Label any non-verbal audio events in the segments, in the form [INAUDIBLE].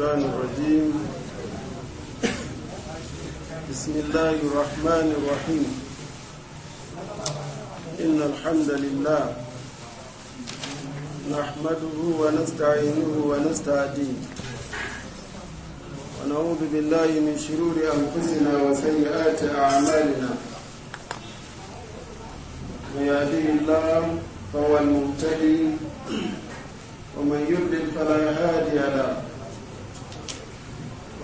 الرحمن الرجيم بسم الله الرحمن الرحيم إن الحمد لله نحمده ونستعينه ونستهديه ونعوذ بالله من شرور أنفسنا وسيئات أعمالنا من يهديه الله فهو المهتدي ومن يضلل فلا هادي له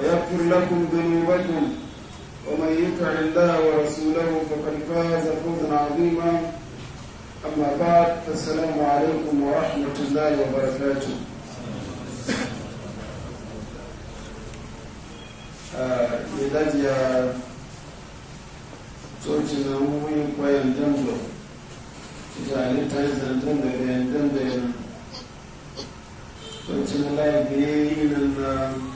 ويغفر لكم ذنوبكم ومن يطع الله ورسوله فقد فاز فوزا عظيما اما بعد فالسلام عليكم ورحمه الله وبركاته ya coci na kwayan ta yi zartan da bayan yana coci na laifin yi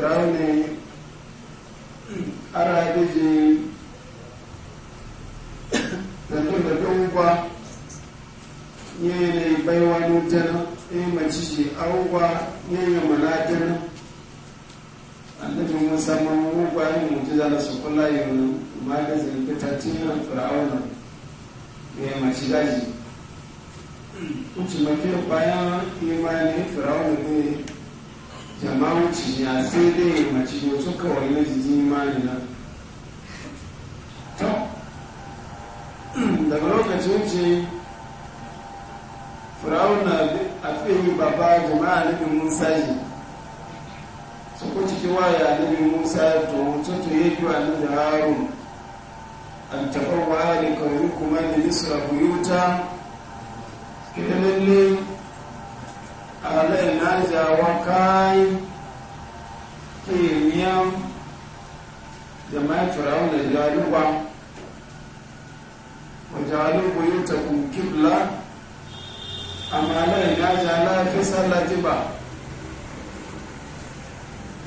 firawune [CLEARS THROAT] ara ebeje zaton da dongwa ne ne baiwa nutana ne mace ce auwa ne ya malatana annabi musamman ruwa yin mutuza zana su kula yin magazin fitattun na firawuna ne mace daji mutum mafi bayan imanin firawuna ne jama'u ya sai dai mace ne su kawai na jiji hmm, imani na to daga lokacin ce firawun na a fiye baba jama'a nabi musa yi su ku ciki waya nabi musa to tutu ya yi wa nabi an taɓa wa harikar yi kuma da nisra buyuta kiɗa ne. alẹ́ nájà wákàáyí kí ènìyàn jẹ̀mọ́ ìtura ọ̀nà ìjọ alúwa ọjà alúwa yóò tẹ̀kùn kíbla àmà alẹ́ nájà aláfẹ́sà lájíbà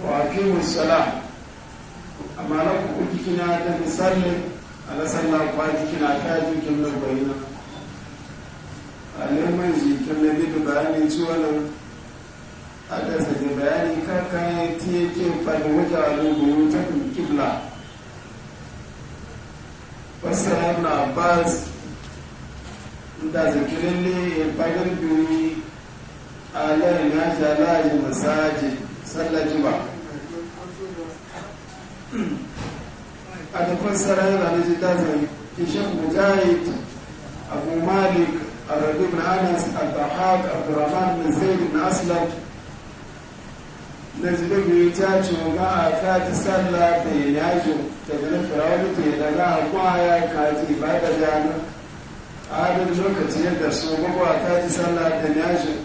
wà kí wùsọ́lá àmà alákòókò jíkínà àtẹ́fẹ́ sálẹ̀ alásàlá kwá jíkínà àkájú kí ń lọ gbẹ̀yìn náà alẹ́ mọ̀ ìjì kí ń lọ bí bàbá ní tí wọ́n lọ́wọ́ aka sake bayani kan kayan tiye ke fadi wata alubu ta kibla fassara na bas da zikirin ne ya fagar biyu a lalin ya shalaji masaji sallaji ba a da fassara yana na ji dazin kishin mujahid abu malik a rabi bin anas al-bahaq abdurrahman bin zaid bin aslam na jibe biyu ta cunga a kaji sallah da ya yaji ta gani firawun ke daga kwaya ya ba da jana a adin lokaci yadda su gugu a kaji sallah da ya yaji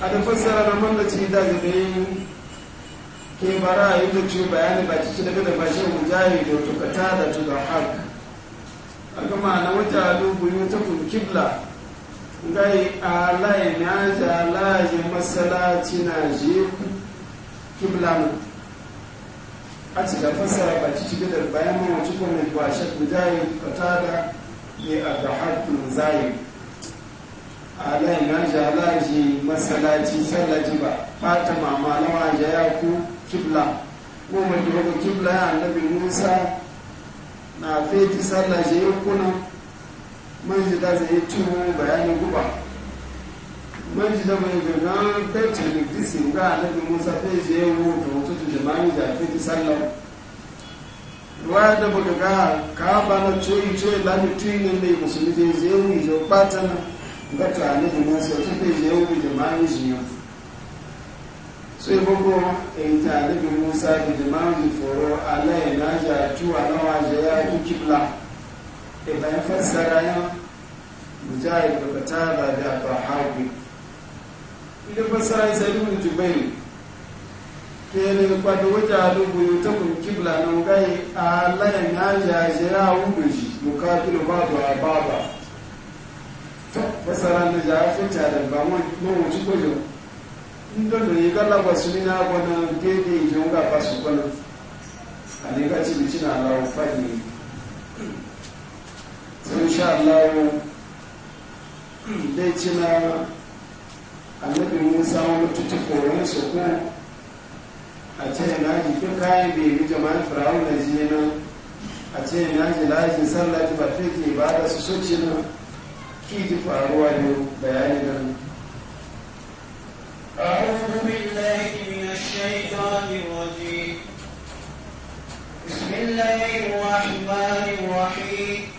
a da fassara na mallaci da zai ke bara yi da ciwo bayani ba ci daga da bashin mujahi da tukata da tudar hak a gama na wata dubu yi ta kun kibla ngai alai na ji alai masalaci na je kiblan a ci da ba ci shiga da bayan mawa cikin mai ba shek mujayi fata da ne a da haƙƙin zayi alai na ji alai ji masalaci sallaci ba fata mama na waje ya ku kiblan ko mai kibla ya annabi musa na feti sallaci ya kuna man ji da zai tuwo bayanin guba man ji da mai gana baitu da disi ga annabi musa fai je wo da wato da jama'i da fi sallam ruwa da buga ga ka ba na coyi coyi da ni tuyi ne mai musulmi zai je wo je pata na ga ta annabi musa eh, ta fai je wo jama'i ji sai gbogbo èyí tí annabi musa da jama'i foro na ja tuwa na waje ya kí kibla. da bayan fassara yan mujahid da kataba da bahawi idan fassara ya sai mun bai ke ne kwa da wata lubu ta kun kibla na gai a layan ya ja ya wudu shi mukafilu babu a baba fassara na ja fita da ba mun su ci gojo ndondo yikala kwasumina ci gede na pasukona ne. insha Allah dai cina annabi Musa wani tutu koyon su ko a ce na ji kin kayan bai bi jama'in firawun da ji na a ce na ji lajin sallah ba fi ke ba da su so cina ki ji faruwa ne bayani nan أعوذ بالله من الشيطان الرجيم بسم الله الرحمن الرحيم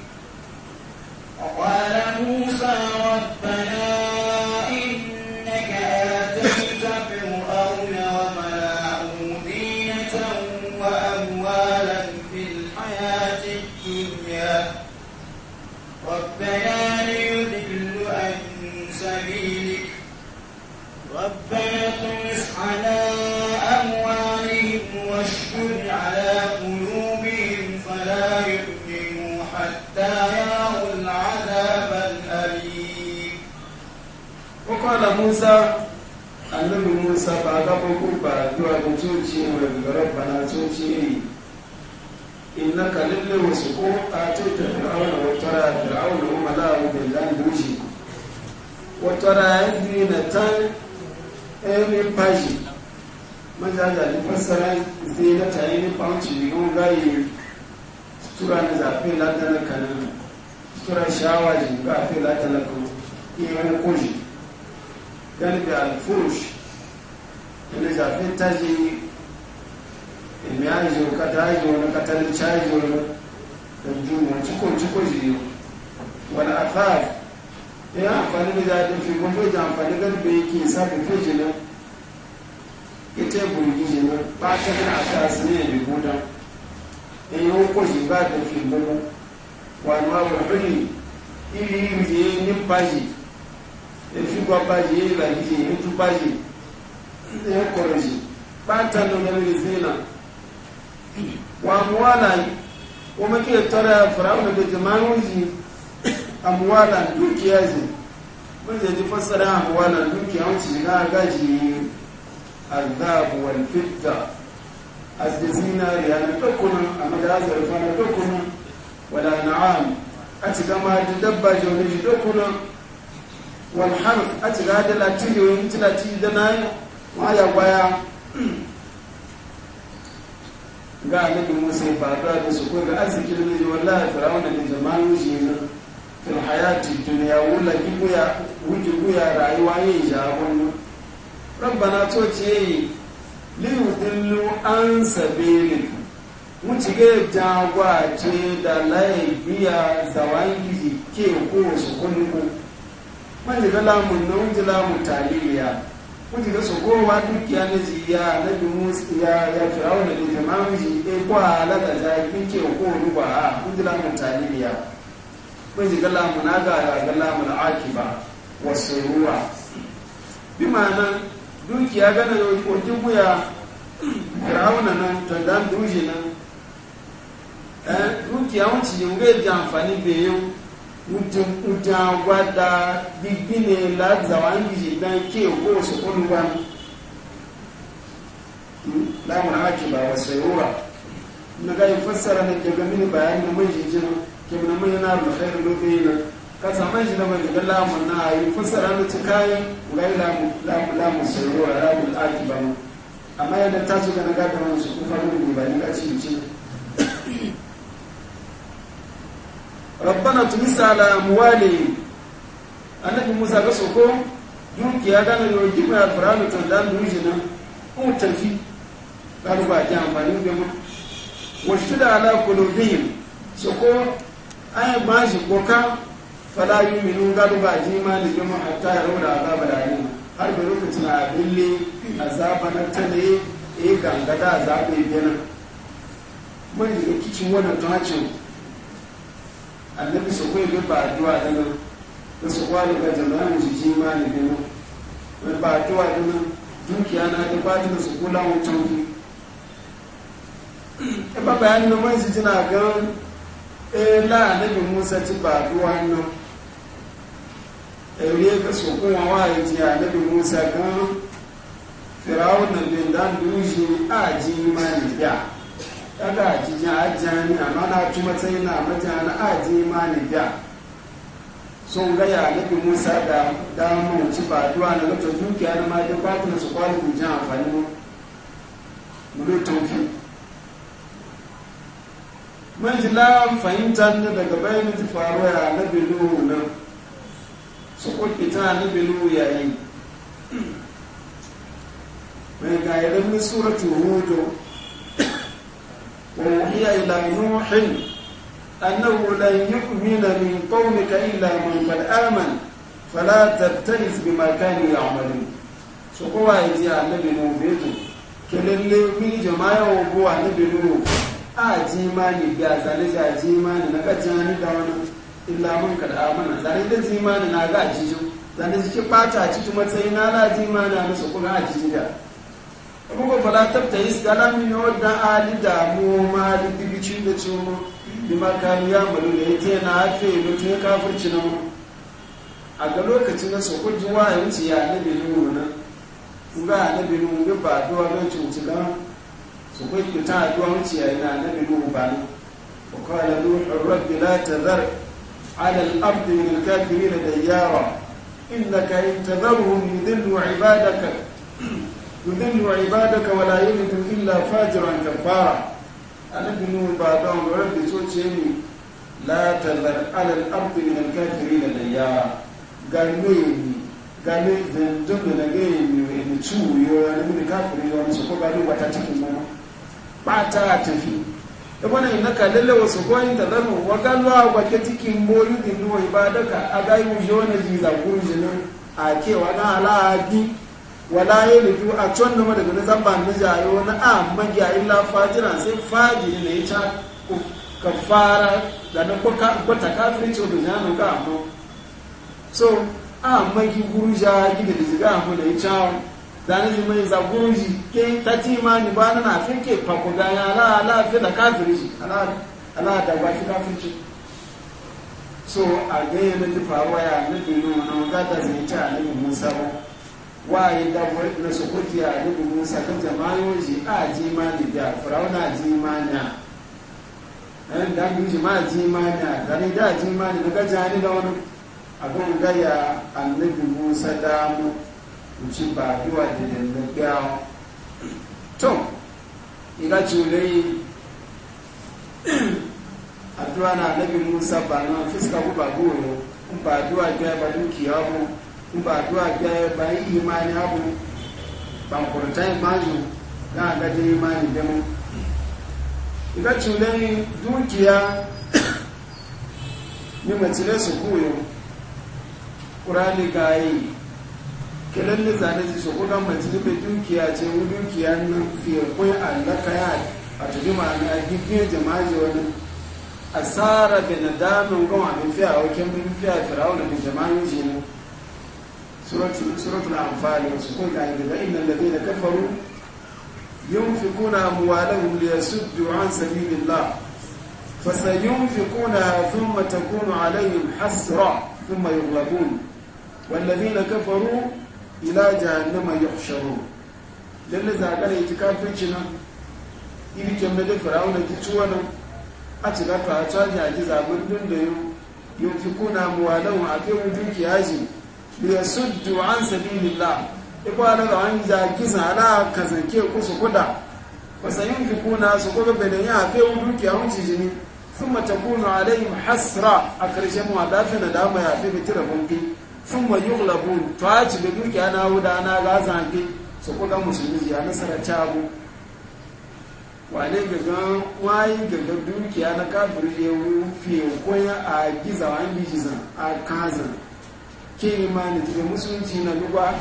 وقال موسى ربنا da wasu ko a taita fir'auna wa tara fir'auna wa mala'u da zan bushi wa tara zinatan ayi paji majaja ni fassara zinata yi pauci ni gayi tura na zafi ladana kanan tura shawa ji gafi ladana kan iya koji galibi alfurush ina zafi taji ime ajo kata ajo na katalin cajo na النجوم وشكو شكو جيو والآثار يا أفعل بذات في مفيد أفعل ذات بيكي ساب في جنة يتبو الجنة بعد من أساس نيه بودا أيوه كو جيبات في مفيد وأنواع الحلي ili ili ye ni baji efi gba baji ye la yi ye tu baji ye kɔrɔji ba ta nɔ na mi zina wa mu wa na yi. kuma ke tara firawuna da jama'in ji amwala dukiya ji mun je ji fassara amwala dukiya wuce na gaji azabu wal fitta azizina ya na dokunan a madazar fa na dokunan wala na'am a cika ma da dabba jami ji dokunan wal harf a cika da latiyo yin tilati da na ya gwaya ga annabi musa ya faruwa da su ko ga arzikin ne fara wani da zamanin shi na fil hayati duniya wula gibuya wuji guya rayuwa yin jabon rabbana to ce yi liyu dillu an sabilik mun ci ga jagwa ce da lai biya zawan gizi ke kowace su kunku man ji lamun na ji lamun taliya kujira su goma dukiya na jiya na dumus ya ya firawo da da jama'an ji e ko ala da za ki ke ko ruba a kujira la mun talibiya kun ji gala mun aga ya gala mun wasu ruwa. bi ma'ana dukiya ga da ko jibuya firawo na nan to dan duje nan eh dukiya wuce yin ga amfani yau. wuta gwada bibbine latzawa an gije idan ke ko su kunu ba lamun haki ba wa ruwa. na ga fassara ne daga mini bayani na mai jijin ke mun mai yana da khairu lobe na ka samu shi da mai ga lamun na yi fassara na cikayen ga lamun lamun lamun sayura lamun haki ba amma yadda ta su ga na ga da su kuma ba ni ka ci ci rabbana tumisa ala amwalihim annabi musa ga soko dukiya ga na yau gima ya fara da tanda un tafi ga ruba ta amfani da mu wasu ala kulubihim soko an ba shi boka fala yi ga ruba ji ma da jama hatta ya rura azaba da yi har da lokacin a bille azaba na ta ne e gangada mai da kicin wannan tacin annabi su kai bi ba addu'a da nan da su kwani ga jama'an jiji ma ne da nan wani ba addu'a da nan dukiya na da ba da su kula mu tauki e ba bayanin da mai jiji na ga e la annabi Musa ci ba addu'a nan e ka su kuma wa ya ji annabi Musa ga firawun nan da dan duji a ji ma ne biya. a cikin ajiyar ni amma na tuma sai na ajiye ma ni biya Sun gaya nabi musa da damu ci ba duwa na lokacin dukiya na ma da su kwali mu ji amfani mu mu tofi man ji la fahimta ne daga bayanin ti faruwa ya nabi nuhu nan su kokita nabi nuhu yayi mai ga yadan suratu hudu وأوحي إلى نوح أنه لن يؤمن من قومك إلا من قد آمن فلا تبتئس بما كانوا يعملون سقوا أيدي النبي موبيتو kelele mini jama'a wa buwa ni bilu a ji mani ga zane ji a ji mani na ga jani da wani illa mun kada amana zane da ji mani na ga ji jo zane shi ki bata ci tu matsayi na la ji na a da kuma ba latar ta yi galan da ali ma da dibici da cimo bi makani ya malu da ya tena hafe mutu ya kafirci na a ga lokacin na su kuji wayan yanci ya na ga a nuhu bi ba duwa don cuci ga su kuji ta duwa wuce ya na nabi nuhu ba ni وقال نوح رب لا تذر على الأرض من الكافرين ديارا إنك إن تذرهم يذلوا عبادك يذل عبادك ولا يلد إلا فاجرا كفارا أنا بنو بعضهم رب La لا تذر على الأرض من الكافرين da قالوا gane zan da na gaya mai da ciwo yau ya nemi da kafin yau wani sako gani wata cikin mana ba ta tafi da wani na kalile wasu koyin ta zama wa galwa wa ke cikin boyu da nuwa ibadaka a gayu jona jiza kurjinin a kewa na ala'adi wala da liju a can da daga na zamba na jayo na a magiya illa fajira sai faji ne ya ca fara da na kwata ce da jano ka amma so a magi guruja gida da ziga amma da ya ca da na zima za guruji ke ta tima ni ba na na ke fakuga ganya ala ala fi da kafirci ala da ba fi ce so a gaya na ti faruwa ya nabi nuna gata zai ci a nabi musamman waye da na sukuti a dubu musa kan jamayoji a ji mani da farauna ji mana ɗan da guji ma ji ma gari da ni ji mana daga jani da wani abin gaya annabi musa damu uci ba duwa da dandabiya to ila julai addu'a na annabi musa ba na fuska ku ba goro ba duwa da ba dukiya ku in ba duwa ba, yi imani abu bankurta imani na gajin imani demu iga cunan dukiya ni macile su kuyo ƙurani ga yi kelen ni zane su shakku don macile bai dukiya ce wani dukiya na fiye kwai allaka ya a tuni ma'ana a gifin jama'a wani asara bin adamin a mafiya wakin mafiya firawunan jama'a yi ne سورة الأنفال سكون عند فإن الذين كفروا ينفقون أموالهم ليسدوا عن سبيل الله فسينفقونها ثم تكون عليهم حسرة ثم يغلبون والذين كفروا إلى جهنم يحشرون lalle إذا كان nan iri إذا كان firawuna ki ciwo nan a cika ta a ينفقون أموالهم أكيد zaɓin dun liyasuddu an sabilillah ikwa da an ja kisa ala kazanke ku su kuda wasayin fi kuna su ko be da ya fe wudu ki an jijini thumma takunu alaihim hasra akarshe mu da ta na dama ya fe bitira bunki thumma yughlabun to a ci da duki ana wuda ana ga zanke su ko ga musulmi ya nasara tabu wane gaga wayi gaga dukiya na kafiri ya wufi koya a giza wani gizan a kazan ke imani cikin musulunci na duba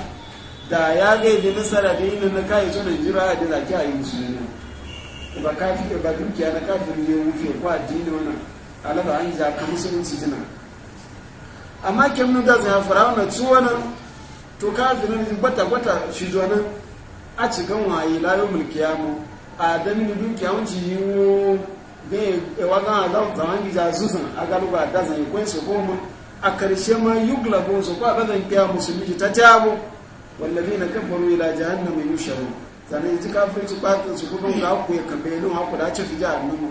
da ya ga da nasara da yi na kayi so da jira da zaki a yi musulmi ba kafi ba dukiya na kafin ne wufe ko addini wannan alaba an ja ka musulunci jina amma kem nun da zai fara wannan su wannan to ne gwata gwata shi jona a cikin waye layo mulkiya mu a dan ni dukiya mun ci yiwo ga wa ga da zaman gija susan a galuba da zai yi su ko mun a ƙarshe ma yuglabun su kwa bazan kiya musulmi ta jabo wallafi na kafaru ila jahannama yusharu sannan ji kafin su kwatin su kudin ga haku ya kambe nun haku da ci fija annabu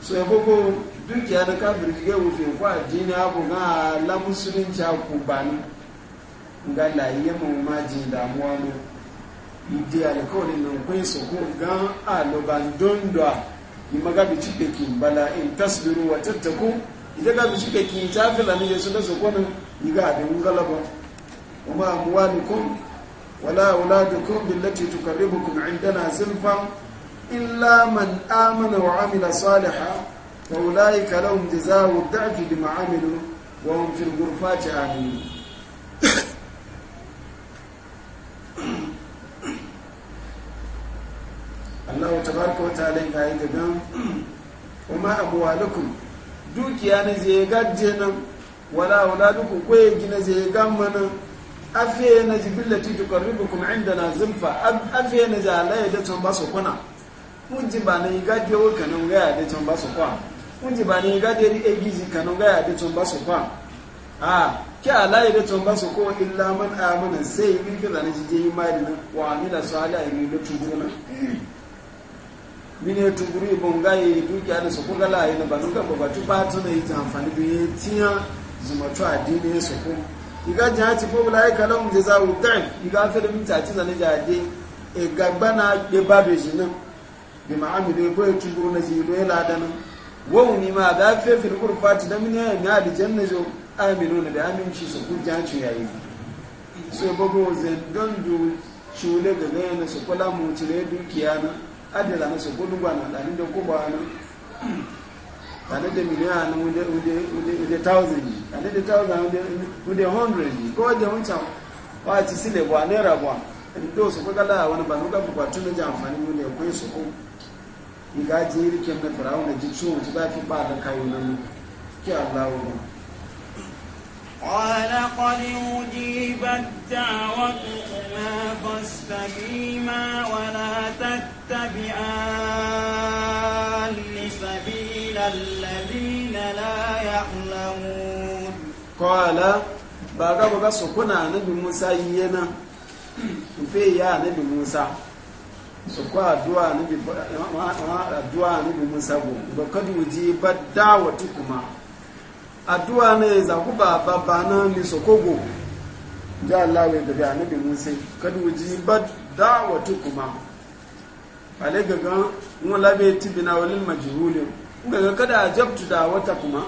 so ya gogo dukiya na kafin ji gaiwu fi a jini abu na la musulunci haku ba ni ga layi ma ji damuwa mu ìdí àlẹ́kọ́ọ̀lẹ́ na kwẹ́ sọ̀kún gan àlọ́bàndọ́ndọ́ ìmagabi cipẹ̀kì bala in tasbiru wa tattakun ita ga bishi ka ki ta fi lami ya suna su kwanin yi ga abin galaba kuma amwalukum wala auladukum billati tuqarribukum indana zulfa illa man amana wa amila salihan fa ulaika lahum jazaa'u ad-da'fi bima amilu wa hum fil ghurfati amin Allah tabaraka wa ta'ala ga yi gaban kuma amwalukum dukiya na je gajje nan wala wala duku kwaye gina zai gamma nan afiye na ji billati inda na zulfa afiye na ji alaye da can ba su kuna mun ji ba na gajje wa kanan ga da can ba su kwa mun ji ba na gajje ri egiji kanan gaya da can ba su kwa a ki alaye da can ba su illa man amana sai bin kana ji mari na wa amila salihan ne da na. mine tunguri bonga ye dukiya da su kuga la yana banu ka babatu ba na ita amfani bi ye zuma tu adini ye su iga ja ti fo la ye kalam je za u dan iga fe da mita ti zane e ga bana de jina bi ma amido ko tunguru na ji do la dana wo ni ma da fe fil qurfati da mine ya da janna jo aminu na da aminci su ku ja ci yayi so bogo zan don du shule ga ga yana su kula mu cire dukiya adela na sokolo na dani de ko bwana dani de miliyan unde unde unde unde thousand dani de thousand unde unde hundred ko je uncha wa ti sile bwana ra bwana ndo so ko kala wana banuka ko tuna ne ko so ko iri na jitsu ba fi ba da kayo nan ki Allah wa قال قد أجيبت دعوتكما فاستقيما ولا تتبعان سبيل الذين لا يعلمون قال baga baga su kuna annabi Musa yana fe ya annabi Musa su kwa addu'a annabi addu'a annabi Musa go kadu ji badda wa tukuma addu'a ne za ku ba babba na ni sokogo ya Allah wai da annabi Musa kad wujibat da'watukuma ale gaga mu labe tibina walil majhul gaga kada ajabtu da'watakuma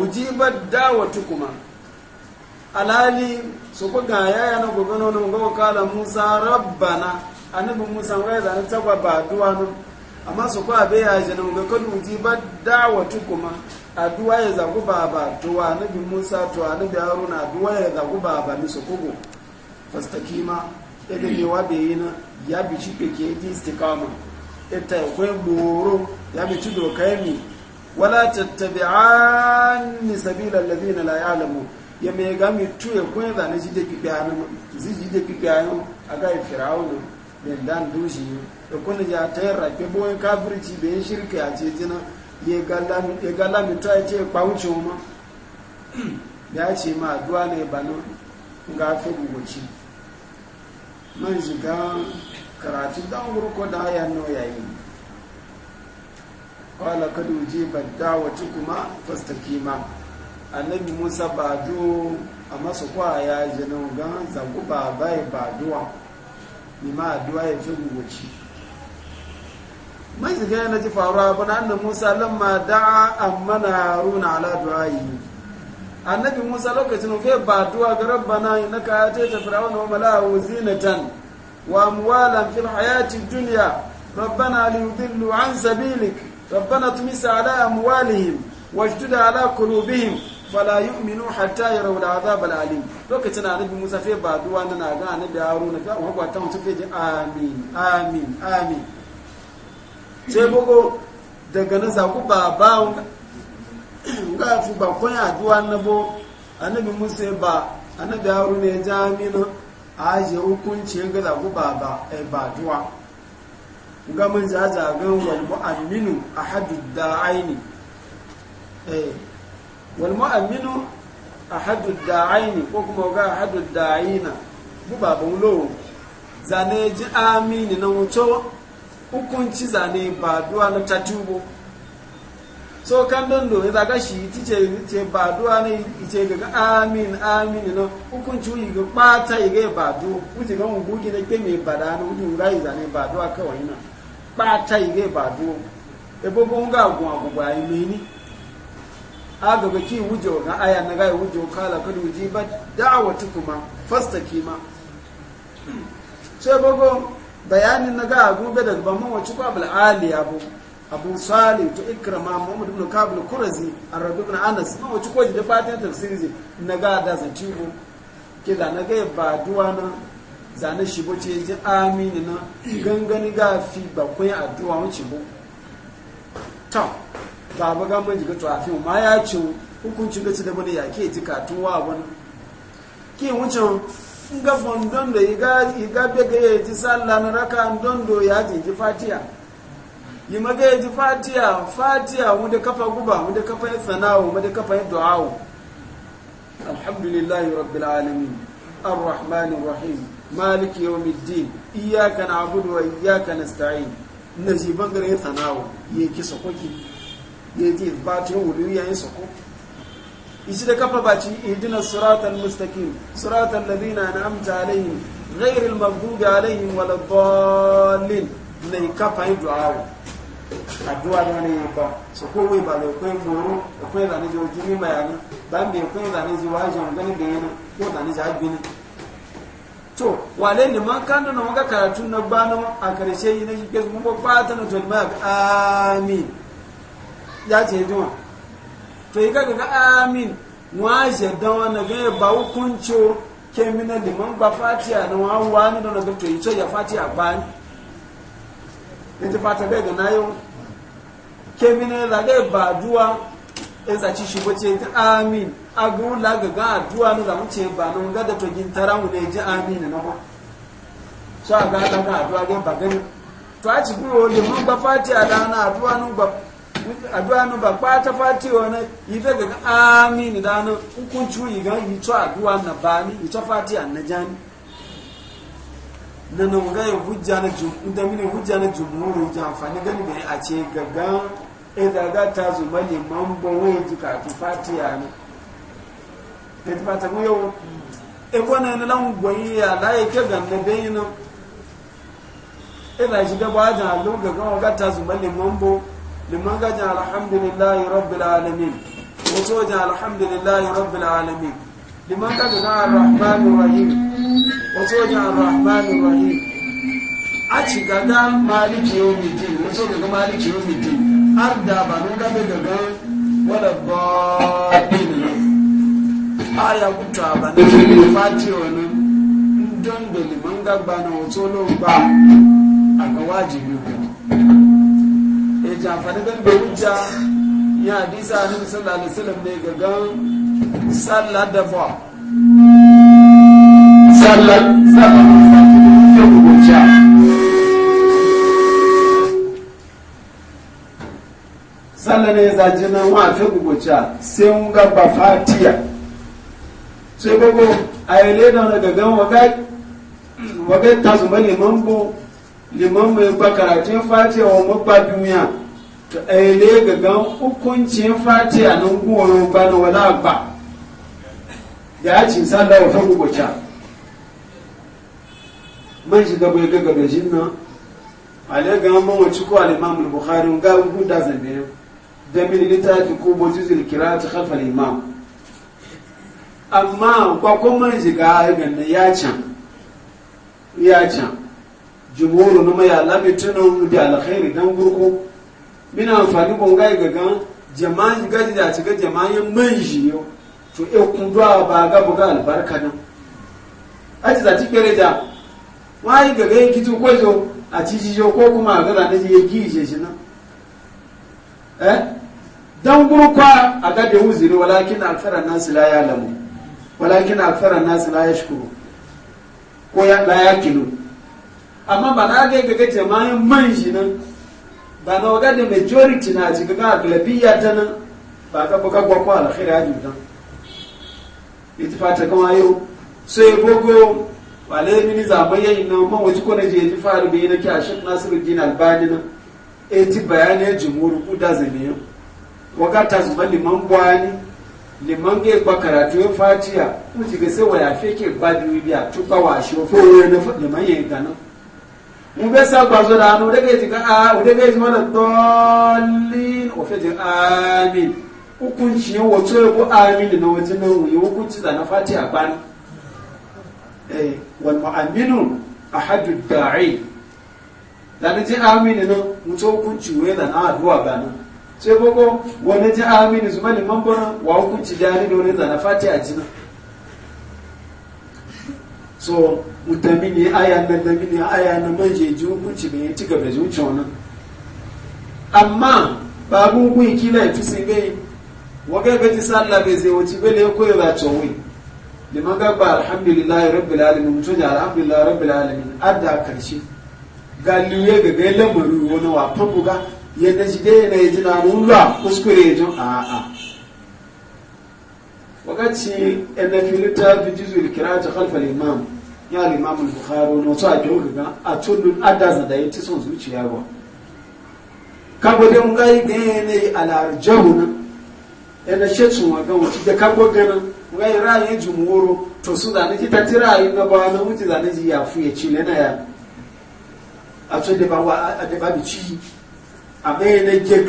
wujibat da'watukuma alali sokoga yaya na gogono na gogo kala Musa rabbana annabi Musa wai da ta ba addu'a a amma sokwa be ya jana tukuma. aduwa ya zagu baba to annabi Musa to annabi Haruna aduwa ya zagu baba miso kogo fastakima ebe ne wa be yina ya bi ci peke di istikama ita ko boro ya bi ci do wala tattabi'an sabila alladhina la ya'lamu ya me ga mi tu ya ko da ne jide pipe anu zi jide pipe anu aga fir'aunu den dan duji ko ne ya tayar rafe boyen kafirci bayan shirka ya ce jina ya ga lamita ya ce kwanci ma ce ma duwa ne ba nan ga fi guguci man shiga karatu don ko da haya no ba kwala kadu je badda wata kuma fasta kima annabi musa ba do a ya kwaya jinan gan zagu ba bai ba duwa ni ma duwa ya fi guguci man shiga na ji faruwa ba na annabi Musa lamma da'a amana runa ala du'ayi annabi Musa lokacin fa ba du'a ga rabbana innaka atayta fir'auna wa mala'ahu zinatan wa amwalan fil hayati dunya rabbana liyudillu an sabilik rabbana tumis ala amwalihim washdud ala qulubihim fala yu'minu hatta yaraw al'azab al'alim lokacin annabi Musa fa ba du'a na ga annabi Haruna ga wa ta mutu amin amin amin sai boko daga na zaku ba ba nga fi ba kun yaduwa na bo annabi musa ba annabi haru ne ja amina a aje hukunci ga zaku ba ba ai ba duwa nga mun za za ga wal mu'minu ahadu da'aini eh wal mu'minu ahadu da'aini ko kuma ga ahadu da'ina bu ba ba lo zane ji amini na wucewa hukunci zane ba duwa na so kando ndo do za ga shi tice ce ba duwa ne ice ga amin amin no hukunci yi ga bata yi ga ba du wuce ga mun gugi na ke me bada na wuce rai zane ba duwa kawai na bata yi ga ba du e bo bon ga ba yi ni ki wujo na aya na ga wujo kala kudu ji ba da'awatukuma fastakima sai bogo bayanin na ga gobe daga ban mawaci ko abul ali abu abu to ikrama muhammad ibn kabul kurazi arabi ibn anas mawaci ko da fatan tafsiri na ga da zanci Ke da na ga ba duwa na zane shi bo ce ji amini na gangani ga fi ba kun addu'a wuce bo to ba ba ga mun jiga to afi ma ya ce hukuncin da ci da bane yake ji katuwa wani ke wucin nga fondon da iga iga ya ji sallah na raka dondo ya ji ji fatiya yi ga ya ji fatiya fatiya mu da kafa guba mu da kafa sanawo mu da kafa du'awo alhamdulillahi rabbil alamin arrahmanir rahim maliki yawmiddin iyyaka na'budu wa iyyaka nasta'in ji bangare sanawo ki sokoki yaji fatiya wuri yayin sokoki isi da kafa baci ihdina siratal mustaqim siratal ladina an'amta alaihim ghayril maghdubi alaihim waladdallin ne kafa yi du'a addu'a da ne ba su ko wai ba ko yin boro ko yin zane joji ni bayani dan be ko yin zane ji wajen gani da ne ko zane ji abini to wale ne man kan da maka karatu na bano a karshe yi na shi ke mun ba ta na to ma amin ya ce du'a to yi ga ga amin wa je dawa na ga ba hukunci ke mina liman ba fatiya na wa wa na don ga to yi ya fatiya ba ni ne fata bai ga nayo ke mina la ga ba duwa in e zaci shi bace ta amin a ga la ga ga duwa na zamu ce ba na ga da to gin taramu ne ji amin na ba so a ga ga duwa ga ba gani to a ci guro liman ba fatiya da na duwa nu ba aduwa no ba kwata fatiwa na yi daga ga amin da no kun cuyi ga na bani yi to na jani na hujja na jumhur ya amfani gani a ce gaga eh ga ta zuma ne mambo wai jika ti ya ne da ta fata mu na na lan goyi ya la yake ga na gaga ga ta zuma ne liman gajin alhamdulillahi rabbil alamin wato wajen alhamdulillahi rabbil alamin liman gajin arrahmanir rahim wato wajen arrahmanir rahim a ci gaga maliki yau miti wato gaga maliki yau miti har da ba nun gabe gaga wadda bọ́ọ̀dínlẹ̀ a ya kuta ba na fili fati wani don da a ga jamfani gan bai hujja ya hadisa annabi sallallahu alaihi wasallam ne ga gan sallah da fa sallar sallar ya hujja sallah ne ya zaji nan wa fi hujja sai mun ga ba fatiya sai gogo a ayele da daga gan wagai wagai tasuma liman bo liman mai ba karatun fatiya wa mabba duniya to aile ga gan hukuncin fatiha nan goro ba na wala ba ya ci sallah wa fagu gocha man shiga bai ga ga jin nan ale ga mun wuci ko al-imam al-bukhari ga zan biyo da min litafi ko bojizil qira'at khalf al-imam amma ko kuma shiga ga nan ya can ya ci jumuru na mai alamitinu da alkhairi dan gurku mina amfani bonga ga gan jama'an gadi da ci ga jama'an man jiyo to e kudwa ba ga buga albarka nan a ci za ci kere da wai ga ga kitu zo a ci jiyo ko kuma ga da ji gi je shi nan eh dan kwa a ga da uzuri walakin akthara nas la lamu walakin akthara nas la shukuru ko ya la kilo amma ba na ga ga jama'an man shi nan ba na waga da majority na cikin ga aglabiya ta nan ba ka buka gwakwa alkhairi hajji dan ita fata kama yau so ya gogo yi mini zaɓen yayi na man waje kone je ji faru bai na kya nasiru din albani na. e ti bayani ya jimuru ku da zane yau waga ta zuba liman gwani liman ga ba karatu ya fatiya kuma jiga sai waya feke ba biyu biya tukawa shi wa fowar na liman yayin ganin mube sagbazo da hannu daga yaji a daga yaji mana dolin ofejin amin hukunci yin wato ya ku amin na wajen nan wuyi hukunci zana na fati a bani eh wal mu'aminu ahadu da'i da na ji amin a mutu hukunci wuyi da na addu'a bani sai boko wani ji amin zuma liman bana wa hukunci jari da wani da na fati a jina. so mutane ne aya na dami ne aya na manje ji hukunci ya ci gaba ji wuce wannan amma babu gun kila ya fi sai gai waga gaji sallah bai zai wuce bai ne koyo da cewa liman gaba alhamdulillahi rabbil alamin mutum ya alhamdulillahi rabbil alamin adda karshe ga liye ga gai lamarin wani wa fabuga yadda shi dai na ji na nuna kuskure yajin a'a wakati ɗan filita fi jizu ta khalfal imam ya limamin bukhari no wasu ake wuka gan a tullun adazin da ya ci son zuciya ba kagbo dai mun gayi da ne ala na ina shetsu wa gan wuci da kagbo gana mun gayi ra'ayin jumhuro to su da ji ta ti ra'ayin na ba na wuce zane ji ya fuye ci na ya a tun da ba wa a ba bi ci a bai na je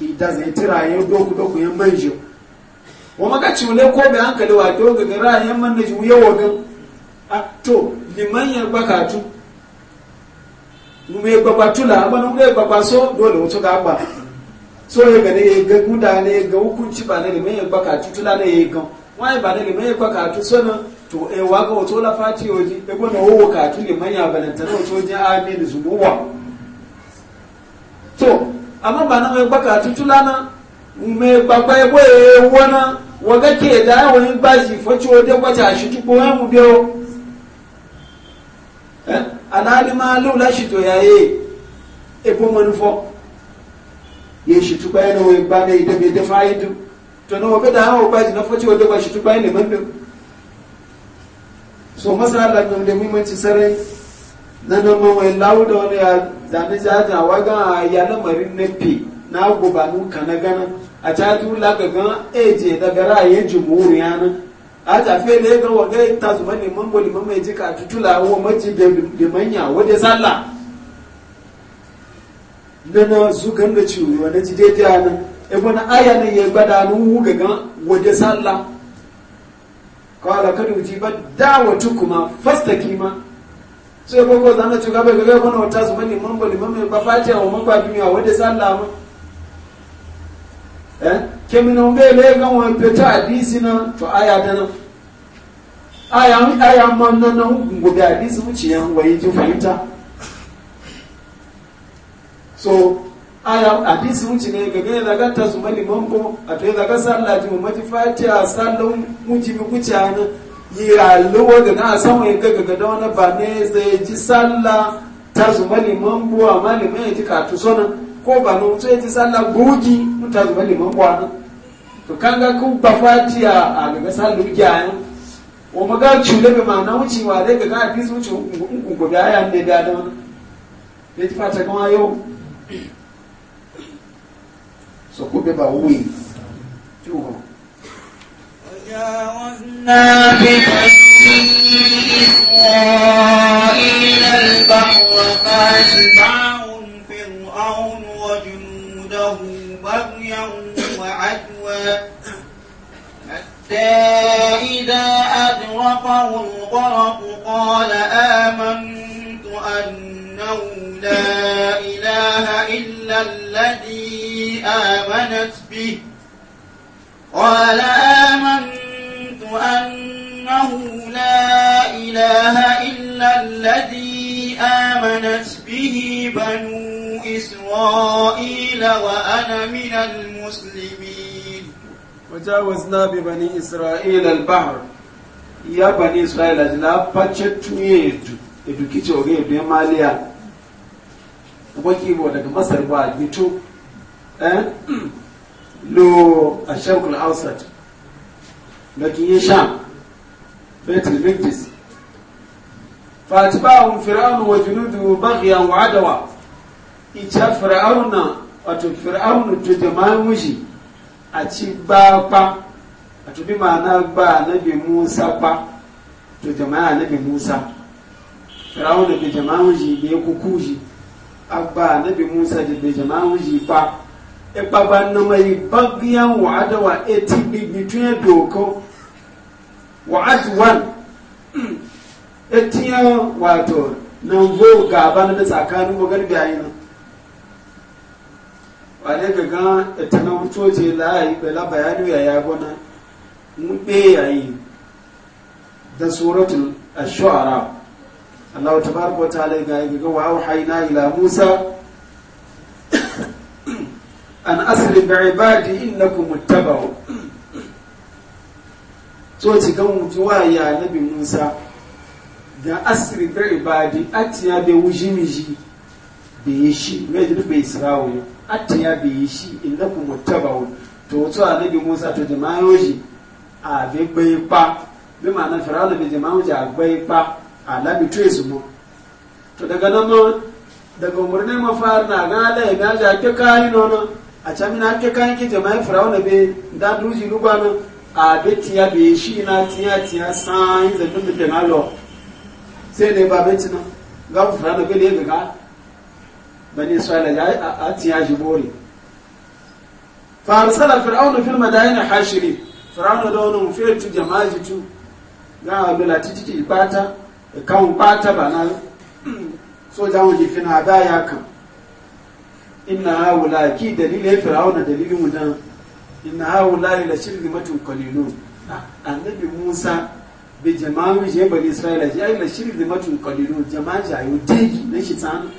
i idan zai ti ra'ayin doku doku yan manjo wa maka ci ne ko bai hankali wa doga ga ra'ayin man da wuya wa gan Ah, to liman ya gbakatu mai gbabatula abin mai so dole wasu ga agba so ya gane ya ga guda ne ga hukunci ba na liman ya gbakatu tula na ya gan wani ba na liman ya so sona to e waga wato la fati oji e gona wo katu liman ya balanta na wato ji amin zumuwa to amma ba na mai gbakatu tula na mai gbagba ya boye wana waga ke da wani gbazi faci wajen kwace a shi tukpo ya mu biyo Eh? alhali ma laula shi to yaye ebo manufo ye shi tuba yana wai ba mai da bai dafa yi duk to na wabe da hawa baji na facewa da ba shi tuba yana man so masana lafiya da muhimmanci sarai na nan ma wai lauda wani ya zane jaja waga ya lamarin na pi na gubanu ka na gana a caju lagagan eje daga ra'ayin jimuru yana. a fe ne ga waga gai ta zuma ne mambo liman mai tutula wa maji da limanya wadda na nana zugan da ciwo na ji daidai a nan ibn aya ne ya gbada nuhu gaga wadda sallah kawala kada wuce ba dawatu kuma fasta kima sai ya bako zana ciwo gaba gaga wani wata zuma ne mambo liman mai ba fatiya wa mambo duniya wadda ma Eh? keminan bai lega wani fita hadisi na to aya da nan aya aya man na na gobe hadisi wuce yan waye ji fahimta so aya hadisi wuci ne ga gane daga ta su mali mambo a to daga sallah ji mamati fatiha sallah wuce bi wuce nan yi lowo da na samu ya gaga ga wani ba ne zai ji sallah ta su mali mambo a mali mai ji katu sonan ko ba na mutu ya ji sallah gogi muta zuba liman kwanan to kan ga kun ba fati a gaga sallu gyayan wa maga cule bai ma na wucewa dai gaga a fisu a yan da da wani fata yau so ko ba wuyi البحر عنده بغيا وعدوى حتى إذا أدركه الغرق قال آمنت أنه لا إله إلا الذي آمنت به قال آمنت أنه أَنَّهُ لَا إِلَهَ إِلَّا الَّذِي آمَنَتْ بِهِ بَنُو إِسْرَائِيلَ وَأَنَا مِنَ الْمُسْلِمِينَ وَجَاوَزْنَا بِبَنِي إِسْرَائِيلَ الْبَحْرَ Iya bani Isra'ila jina pace tuye du, ebi kici oge ebi maliya, ubaki bo daga Masar ba gito, eh? Lo a shekul Ausat, da ki yi sham, fetil victis fatibahun fir'aunu wa junudu ne kukuji agba da na mai baghyan doko wa adwan etiya eh, wato nan zo gaba na tsakanin magarbi a yana wane gaga ita na wucoce la'ayi bela bayanu ya ya gona mube yayi da suratul ash-shu'ara Allah tabaraka wa ta'ala ga gaga wa auhayna ila Musa an asri bi ibadi innakum muttaba'un so ci gan mutu wa ya nabi musa da asiri da ibadi atiya bai wuji miji bai yi shi mai jini bai isra'u atiya bai yi shi inda ku mutaba'u to wato a nabi musa to jama'oji a bai bai pa bi ma'ana fir'auna bai jama'oji a bai pa a labi to yanzu mu to daga nan ma daga umarnin mafar na ga ala ya gaja ke kayi nono a can mina ke kayi ke jama'i fir'auna bai da duji lugwa nan abe tia be shi na tia tia san yin zafin da tana lo se ne ba beti na ga mu fara da bele ga ga ya a tiya shi bore fa arsala fir'auna fil madayin hashiri fir'auna da wani mufiyar tu jama'a tu ga abula titi ipata kan pata bana soja wani fina da ya kan inna haula ki dalilin na dalilin mudan inna haula'i la shirzimatun qalilun annabi Musa bi jama'u je bani Isra'ila ji ai la shirzimatun qalilun jama'a jayu degi na shi tsana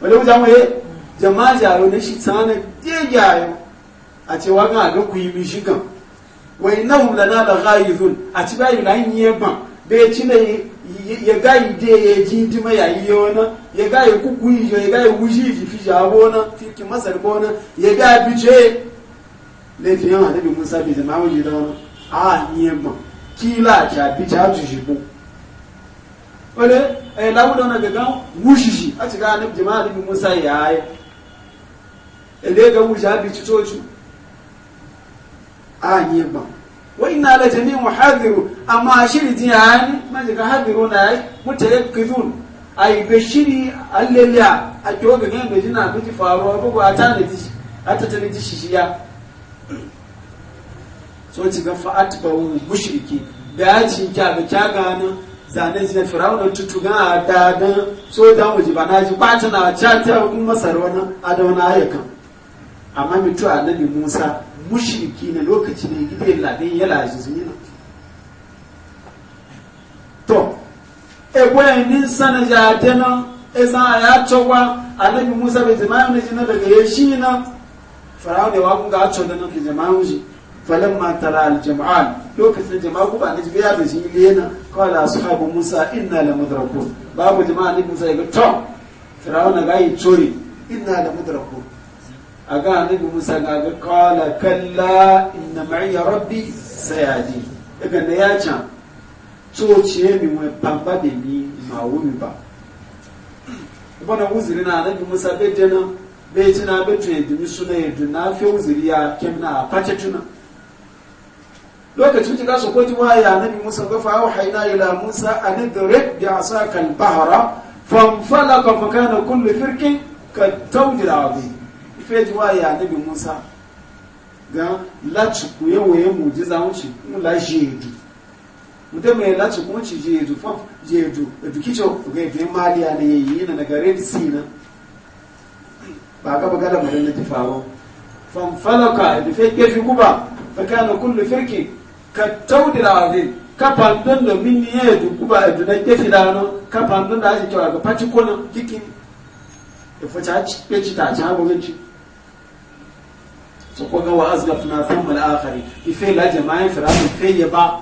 wala wuta mu ye jama'a jayu na shi tsana degi ayo a ce wa ga ga ku yi mishi kan lana a ci ne ya ga ide ya ji yegayi ya yi wani ya ga ya kuku ce le bi musa wuji da a ni kila ga bi musa ya ele ga wuji abi a wa inna la jami muhadiru amma shiri jihani maji ka hadiru na ai mutayakkizun ai be shiri alleliya a joga ne be jina bi faruwa ba ba ta ne dishi hatta ta ne dishi shiya so ci ga fa'at ba wu mushriki daji kya ga kya gana zane jina firawun tutu ga da da so da mu ji bana ji kwata na cha ta masarwana adawana ayakan amma mitu annabi Musa mushriki na lokaci ne gidan labin yala jizmina to egwe nin sana jadena esa ya chowa annabi musa bai jama'a ne jina daga yashi na farawa da wakun ga acho ganin ki jama'a ji falamma tara al jama'an lokacin jama'a ku ba ne biya da shi lena qala ashabu musa inna la mudrakun babu jama'a ne musa ya to farawa na gai chori inna la mudrakun a ga annabi musa ga ga kala kalla inna ma'iya rabbi sayadi daga da ya can tsoce mi wani bamba da ni ma wuni ba bana uzuri na annabi musa bai jana bai tuna bai tuna yadda suna yadda na fi uzuri ya kemna a face tuna lokacin shiga su kwaji wa ya nabi musa ga fa haina ila musa a an idrib bi asaka al-bahra fanfalaqa fa kana kullu firkin ka tawdi al-azim feji wa a nabi musa ga lati ku ye wo ye mu ji za wuci mu la jeedu mu te me lati ku wuci jeedu fa jeedu edu kicho ga be mali ya ne yi na daga red sea ba ga ba ga da mun ji fawo fam falaka edu fe ke fi kuba fa kana kullu firki ka tawdil azim ka pandon da min ni edu kuba na ke da no ka da ji to ga pati kona kikin e fo cha ci ta cha ci su ko ga wa azgafna thumma al-akhari ife la jama'in fir'aun feye ba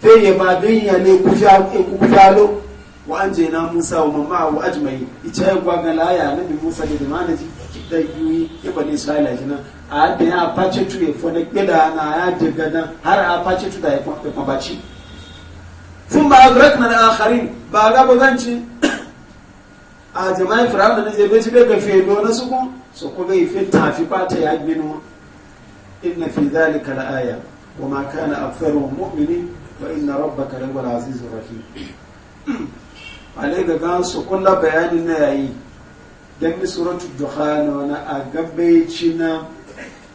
feye ba don ya ne kuja ku eh, kujalo wa anjayna musa wa mamma wa ajmai ita ya gwa ga laya nabi musa da mana ji da yuyi ya bani isra'ila jina a da ya pace tu ya fo na kida na ya daga dan har a pace tu da ya kwa baci sun ba agrakna al-akharin ba ga bazanci [COUGHS] a jama'in fir'aun da ne je bai ci bai ga feye na su kuma so ko bai fi tafi bata ya in inna fi zalika la aya wa ma kana aktharuhum mu'minin wa inna rabbaka la huwal azizur rahim alai [CLEARS THROAT] ga gan su kulla bayanin na yayi dan mi suratul duha na wani a gabbaici na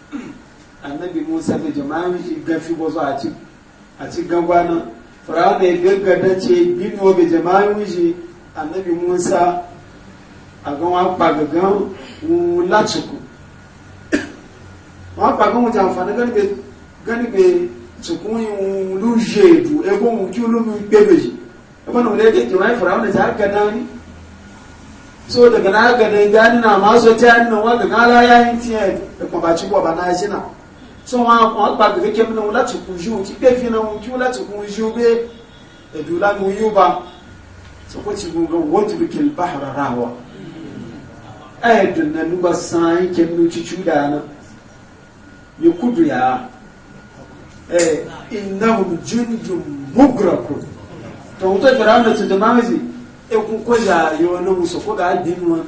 [CLEARS THROAT] annabi musa da jama'in shi gafi wasu a ci a ci fara da ya da ce bino bi jama'in shi annabi musa a gan wa gbagagan wulatuku wọn pa kí wọn ti àǹfààní gánibẹ tukun ìwọn lóye èdù ẹgbọn wọn kí olómi gbẹbẹ yìí ẹgbọn wọn lẹkẹ jẹ wọn fura wọn lè ti àgàdá ni so daga na àgàdá ìgbà nínú àmọ́ aṣọ tí a nínú wọn gàgán aláyá yín ti ẹ ẹ̀pọ̀n bàtí wọn bàbá náà ṣe náà so wọn wọn pa gègé kí wọn látukun yìí wọn kí náà wọn kí wọn látukun yìí wọn bẹ ẹdùn lánàá yóò bá so kó ti gbogbo wọn ti bí kìlì rárá wọn. ai dunna nuba sai ke nuci cuda e, na ya kudu ya eh innahum jundum mugrakun to wuta fir'auna su da mamaji e ku ko ja yo na musu ko da dinu wa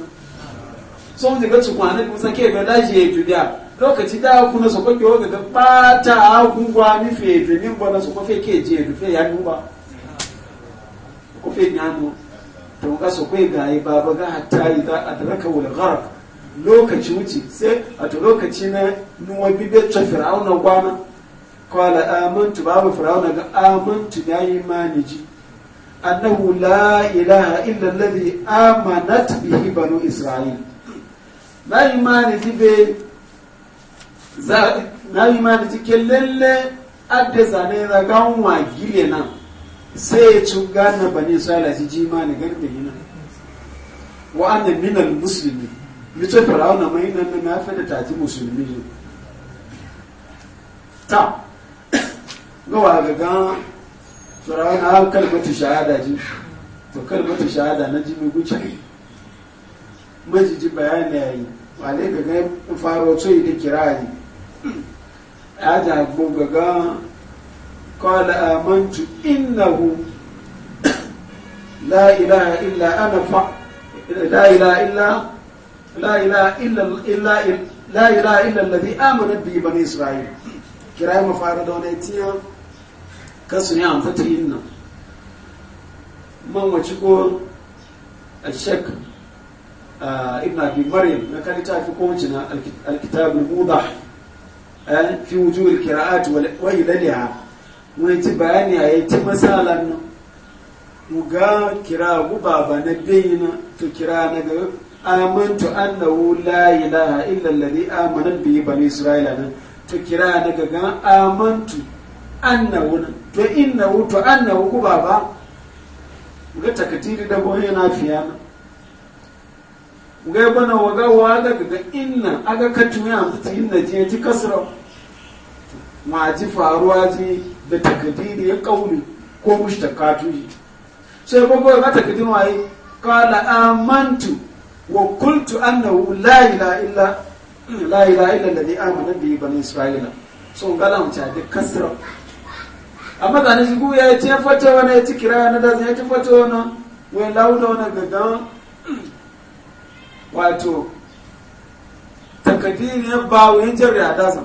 so mun ga ci kwana ku sake ba da je tudiya lokaci da ku na so ko ke ga bata ku gwa mi fe ni bona so ko fe ke je fe ya nuba ko fe nyano don ga su kai gaye baba ga hatta yi a adraka wal gharq lokaci wuce sai a to lokaci na nuwa bibe ta fir'auna gwana kwala amantu babu fir'auna ga amantu ya yi maniji annahu la ilaha illa alladhi amanat bihi banu isra'il na yi maniji be za na yi maniji ke lalle adda zane ga wa gire nan sai ya ci gane ne sa ji ji ma ni garbe nan wa annan minal musulmi mito fir'auna mai nan na fi da taji musulmi ne ta gawa ga ga fir'auna har kalmatu shahada ji to kalmatu shahada na ji mai guce majiji bayani ba ne ga ga faro yi da kirari ya ja gbogbo قال آمنت إنه لا إله إلا أنا ف... لا إله إلا لا إله إلا إلا لا إله إلا الذي آمن به بني إسرائيل كرام فاردون إتيا كسني عن عم ما من تقول الشك آه، ابن أبي مريم نكالي تعرف كونتنا الكتاب الموضح آه، في وجوه القراءات وإلى لها mun ci bayani a ci masalan nan mu ga kira guba baba na bayina to kira na ga amantu annahu la ilaha illa alladhi amana bihi bani isra'ila nan to kira na ga ga amantu annahu nan to innahu to annahu guba baba mu ga takatiri da boye na fiya na mu ga bana waga waga ga inna aga katuya mutu inna je ji kasra ma ji faruwa ji da takadiri ya kauli ko mushtaqatu sai bago ya takadirin waye qala amantu wa qultu annahu la ilaha illa la ilaha illa alladhi amana bi bani isra'ila so gala mu ta da kasra amma da ne zugu ya ce fata wani ya ci kira na da zai ta fata wani wai lauda wani gada wato takadirin ya bawo yin jarri a dazan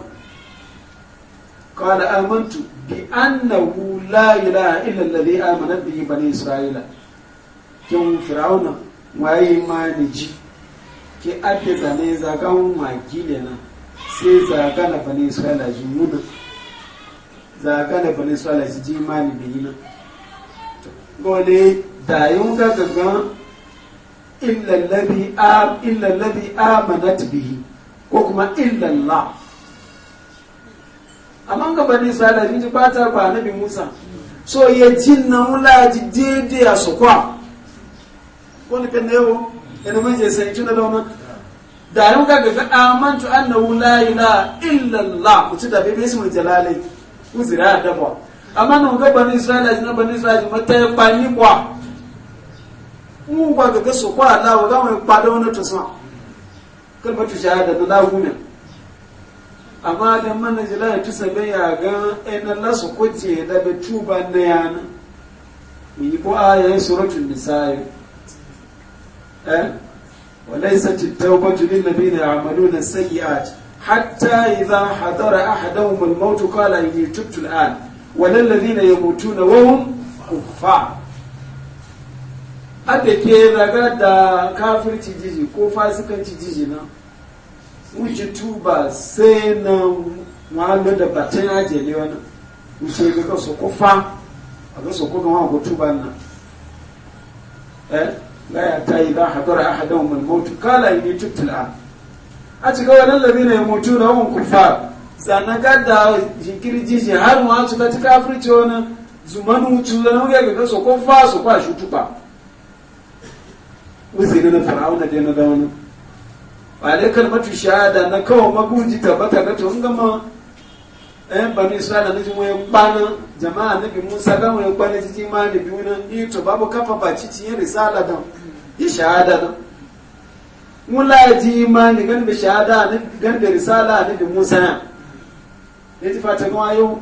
qala amantu li'annahu la ilaha illa alladhi amanat bihi bani isra'ila kin fir'auna waye ma ji ki ake zane zagan wakile na sai zaga na bani isra'ila ji mudu zaga na bani isra'ila ji ji ma ni bihi na gole da yun ga gagan illa alladhi amanat ko kuma illa allah amma kan bani sala ji ji bata ba nabi musa so ya ji na wula ji daidai a su kwa wani kan yau yana mun je sai tuna da wannan da yau ga ga amantu annahu la ilaha illa allah ku ci da bi ismul jalali zira da ba amma nan ga bani sala ji na bani sala ji mata ya kwani kwa mu ba ga ga su kwa Allah ga mu kwada wani tusa kalmatu shahada da lahumin amma da mana jila ya tusa bai ya ga ina lasu kuce da bai tuba na yana mai ko a suratun surutun eh wale isa citta ko jini na bai da amalu na sayyati hatta yi za a hadara a hadar mulmautu kala yi tuttun an wale lalli na yamutu na wahun kufa a da ke zaga da kafirci jiji ko fasikanci jiji na wuce tuba sai na walo da batun ajiyar wani wuce ga kasu kufa a ga su kuma wa ku tuba nan eh la ya ta yi za a hadura a hadan mun mutu kala yi tuttul a a cika wannan labina ya mutu na wani kufa sannan kada jikiri jiji har mu a cika ta kafirce wani zuman wucin da nauyi ga kasu kufa su kwa shi tuba wuce ga na fara'auna da na da wani wale kalmatu shahada na kawo maguji tabbata na tun gama ɗayan banu da na wani kpana jama'a na bi musa gama wani kpana jiji ma ne biyu nan ito eh babu kafa ba cici yin risala da yi shahada dan mula ji ma ne gan da shahada gan da risala na bi musa ya ne ji fata gawa yau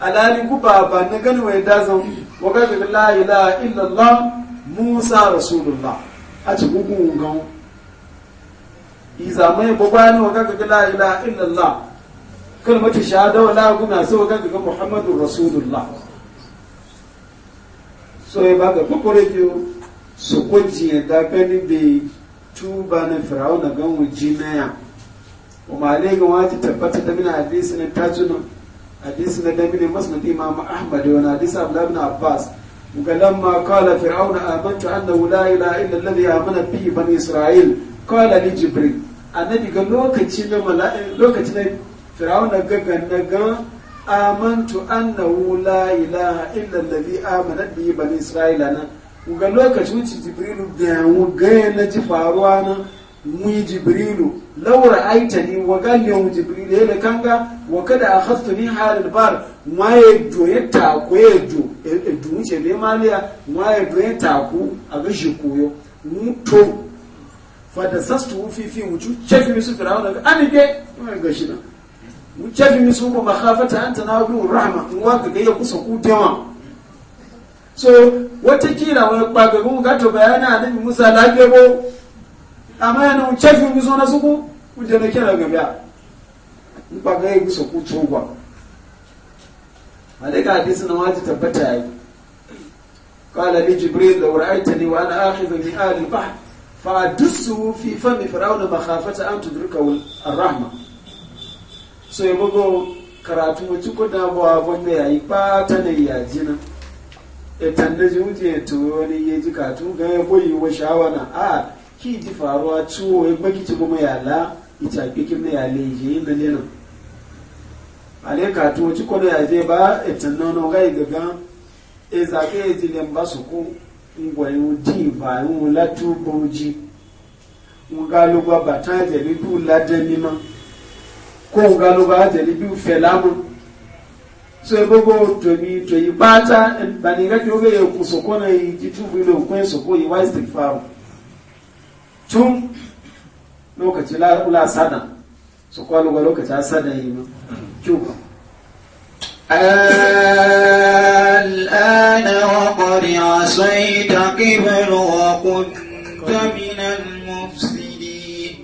alalin kuba ba na gan mai dazan wa da la ilaha illallah musa rasulullah a ci gugun gan iza mai babani wa kaga la ilaha illallah kalmatu shahada wa la guna sai wa kaga ga muhammadur rasulullah so ya baga kokore ki su kwaji da gani be tuba na fir'auna gan wujina ya kuma ne ga wata tabbata da mina hadisi na tajuna hadisi na ne musnad imam ahmad wa hadisi abdullah ibn abbas ولما قال فرعون آمنت أنه لا إله إلا الذي آمنت به بني إسرائيل قال لجبريل annabi ga lokaci na lokaci na firawuna na na ga amantu annahu la ilaha illa allazi amana bihi bani isra'ila na ga lokaci wuce jibrilu da mu ga na ji faruwa na mu jibrilu laura aitani wa galyan jibrilu ya kanga wa kada akhadtu ni halal bar ma ya do ta ko ya do e du be maliya ma ya do ya ta ku a ga shi koyo mu to fada sastu fi fi wucu cefi misu firawun da ani ke mai gashi na cefi misu ko ba anta na bi rahma in wa ga ya kusa ku tema so wata kila wani kpagagun gato bayana da musa lagebo amma yana cefi misu na suku kuje na kira gabiya in ba ga ya kusa ku tuba malika hadisi na waji tabbata yi قال لي جبريل لو رأيتني وأنا آخذ من آل البحر فدسه fi fami farauna مخافة an تدركه الرحمة so ya bugo karatu wacce kuna abuwa wanda ya yi bata ne ya jina etan da ji wuce to ne ya ji katu ga ya boyi wa shawana a ki ji faruwa ciwo ya baki ci kuma ya la ita kikin na ya leje na ne nan. ale katu wacce kuna ya je ba etan nono ga ga gaga e zaɓe ya ji ba su ko ngwayin ti bayan latu bauji ngaluba bata jeli bi ladani ma ko ngaluba jeli bi felamu so ebogo tobi toyi bata bani ngati oge ye kusoko na yitu bilo kwen soko yi wa istighfar tun lokaci la ula sada so kwa lokaci asada yi ma kyuba الآن وقد عصيت قبل وكنت من المفسدين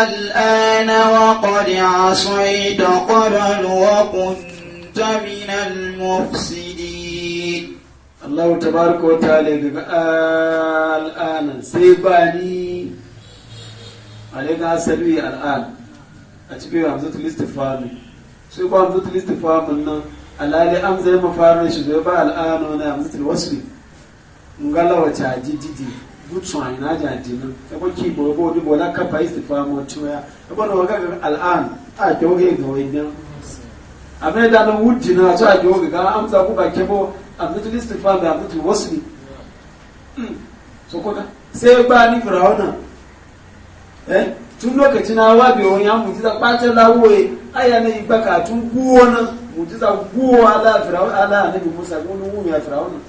الآن وقد عصيت قبل وكنت من المفسدين الله تبارك وتعالى الآن سيباني عليك أسلوي الآن a cikin hamzatul istifham sai ko hamzatul istifham nan alali an zai mafarin shi zai ba al'ano na hamzatul wasli ngala wace ajijiji gutsun aina jaji nan ta bo bobo wani bola kafa istifham wacce ya ta na waga al'an a doge ga wajen abin da na wujji na ta doge ga amsa ku ba kebo hamzatul istifham da hamzatul wasli hmm. so kuka sai ba ni firawuna Eh? tun lokacin hawa bai wani ya mujiza ɓacin lawoye aya na yi baka tun guwana mujiza guwa ala firawun ala anabi musa gudun wumi a firawun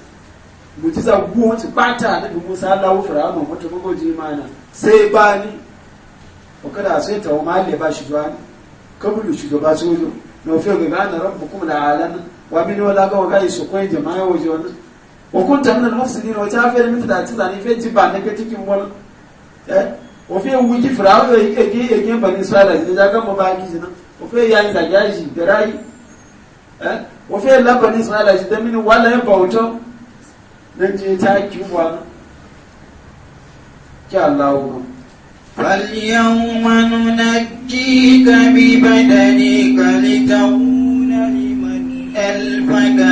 mujiza guwa wacce ɓata anabi musa ala wu firawun wata gogoji mana sai ba ni o kada sai ta wama le ba shi zuwa ni kabulu shi gaba sojo na ofe ga gana rabu kuma da alana wa mini wala ga waga iso kwaye jama'a waje wani wa kunta min al-mufsidin wa ta fi da mutata zane fe jiba ne ga cikin wani eh ofe wuki firawo yake yake bani israila zai daga ba ba ki jinan ofe ya yi zage shi da rai eh ofe la bani israila shi da mini wala ya bauto nan je ta kiwa ki Allah ku فاليوم ننجيك ببدنك لتكون لمن خلفك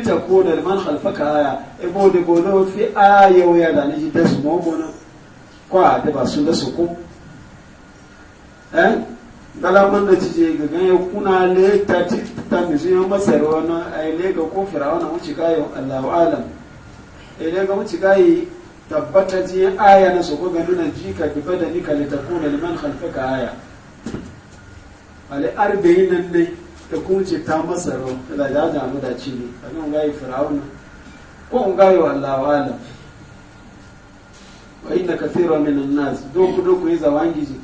ko da man halfaka aya ebo de bono fi aya wo ya da ni da su mo mo a da ba su da su ko eh dala man da tije ga gan ya kuna le ta ti ta mi su yan masar na ai le ga ko fir'auna mu ci kayo Allahu alam e le ga mu ci kayi tabbata ji aya na su ko ga nuna jika bada ni ka le ta ko da man halfaka aya ale arba'in nan ne da kuma ce ta masaro da da jamu da ci ne kaga un gayi fir'auna ko un gayi wallahu alam wa inna kathiran min an-nas doku doku yi zawangiji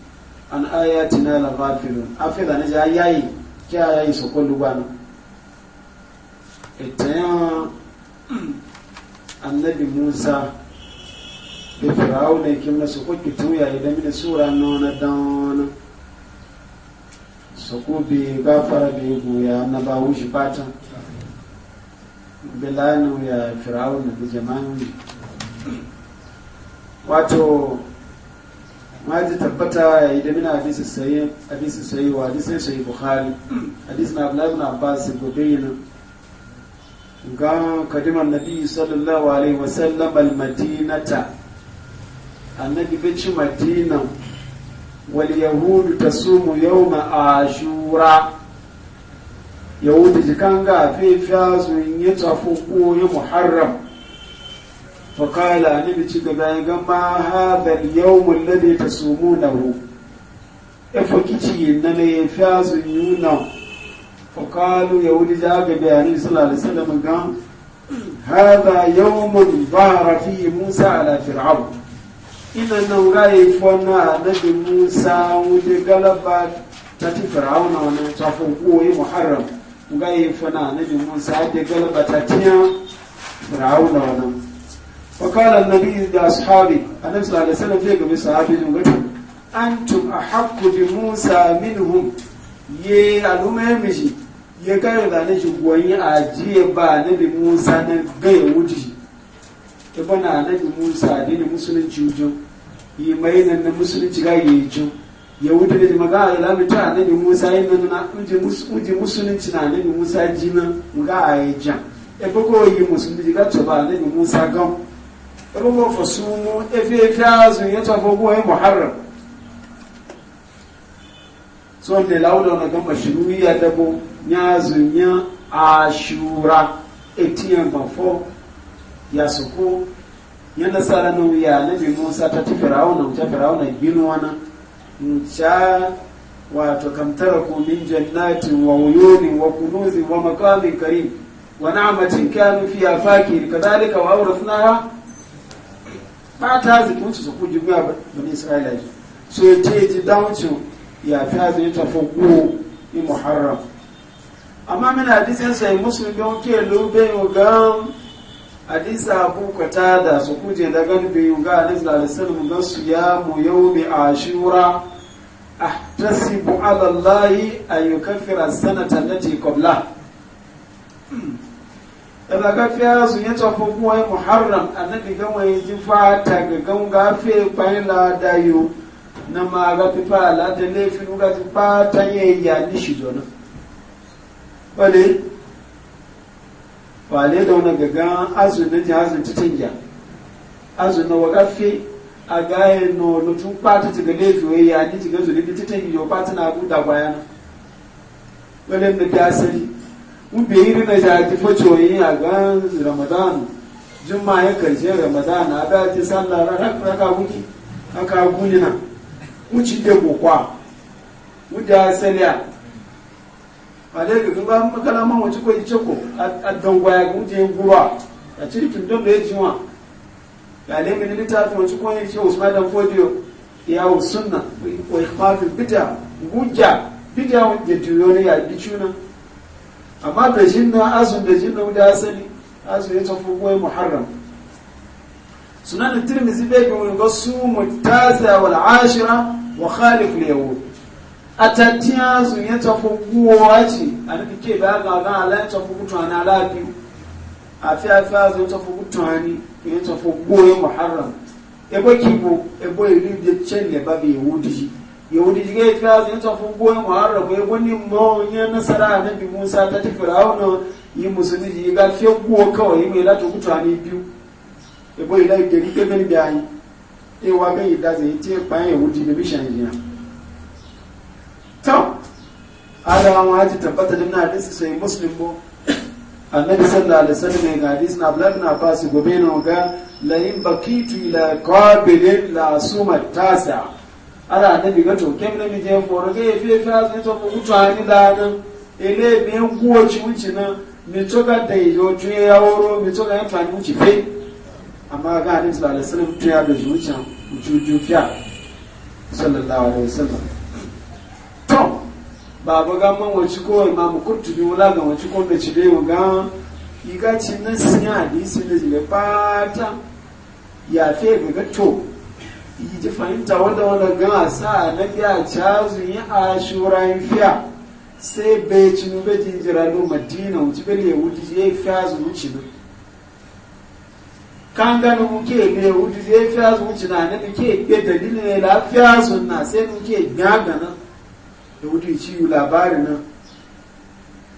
an ayatina la ghafilun afela ne ja yayi kya yayi sokolu bana etayan annabi Musa da fir'auna kimna su kuki tuya idan mini sura nona dana su ku bi gafara bi goya na ba wuce fatan bilanu ya firawun da jama'in wato maji tabbata ya yi damina hadisi sayi sayi wa hadisi sayi bukhari hadisi na abu-l abdullahi ibn gobe yana. ga kadiman nabi sallallahu alaihi wasallam al madinata annabi bi madina واليهود تصوم يوم عاشوراء يهود جكانغا في فاس يوم محرم فقال النبي تشغبان ما هذا اليوم الذي تصومونه افكتي نني فاس يونا فقالوا يهود جاء النبي صلى الله عليه وسلم قال هذا يوم ظهر فيه موسى على فرعون ina nan gai fona annabi musa wuce galaba ta ti fir'auna wani tsafin koyi muharram fana fona bi musa da galaba ta tiya fir'auna wani وقال النبي لأصحابه sanar fiye gami sahabi ne في An tun a ahakku bi musa minhum ye mishi ye kayo da shi shugoyi a jiye ba na bi musa na gaya wuce ibana na bi musa dini musulunci wujen yi mai nan na musulunci ga yi ju ya wuta da a ilami ta a annabi musa yi nan na uji musulunci na annabi musa ji nan ga a yi jan ebe ko yi musulunci ga tuba annabi musa gan ebe ko fasumu efe efe zun ya tafi ko yi muharram so da lauda na gama ya dabo e ya zunya ashura etiyan bafo ya suko ya nasara na Ya nabi musa ta ci firawuna wuce firawuna ginu wani sha wato kamtara ku min jannatin wa wuyunin wa kunuzin wa makamin karim wa na'amatin kanu fiya fakir kadhalika wa awrasnaha ba ta ziki wuce su kuji ba bani isra'ila ji so ya ce ji dawucin ya fi hazin ta fogo i muharram amma min hadisin sai muslim don ke lobe yau gan hadisa abu kwata da su kuje da garbe ga alif da alisalmu ya mu yau mai ashura a tasibu alallahi a yi kafira sanata na tekobla daga kafiya su yi tafi kuma yi muharram a na yi ji fata ga gigan gafe bayan ladayo na ma fi fa ladan laifin gafi ba ta yi ya nishi jona. Wale, fale da wani gaga azun na jihazin titin ya azun na wakafi a gaya na lutun pata ci ga lefiwe ya ni ci ga zuri bi titin yo pata na abu da bayan wale na ta asali mun be yi rina ja ti focho coyi a gan ramadan juma ya karshe ramadan a da ti sallah raka wuki aka gunina mun ci de gokwa mun da asali a ale ga gaba makala man wace ko ice ko a dangwaya ga wuce gura a cikin don da ya ji wa ga ne min littafi wace ko ya ce usman dan fodiyo ya sunna wa ikhfafi bid'a gujja bid'a da tuyoni ya bicuna amma da jinna azun da jinna da asali azu ya tafi goyi muharram sunan tirmizi bai ga wani gasu mutasa wal ashira wa khalif al yahud atatiya su ya tafi guwa ce a nufi ke ba ga ga ala ya tafi mutane ala biyu a fi afi a zai tafi mutane tafi goyi muharram ebo ebo ne ba yahudi yahudi ji gai tafi goyi muharram nasara na bi musa ta tafi rauna yi musulmi ji ga fiye guwa kawai lati mutane biyu ebo bayan ewa da zai yahudi da bishan jiya to adawa ma haji tabbata din na hadisi sai muslim bo annabi sallallahu alaihi wasallam ga hadisi na gobe no ga la in bakitu ila qabil la suma tasa ala annabi ga to kem ne mi je ga fi fi to ku da na mi to ga yo ju ya woro mi to ga en fe amma ga hadisi sallallahu alaihi wasallam ya sallallahu alaihi wasallam baba ga man wace ko ma mu kurtu bi wala ga wace ko da ci be ga iga ci nan sinya hadisi ne jile fata? ya fe ga to yi ji fahimta wanda wanda ga sa na biya cazu yi ashura yin fiya sai bai ci nu bai jinjira no madina wuce bai ne wuce ya yi fiya zu wuce nu kan gani muke ne wuce ya yi fiya zu wuce na ne muke be dalilin ne lafiya na, sai muke nan. da wuce ciwo labarin nan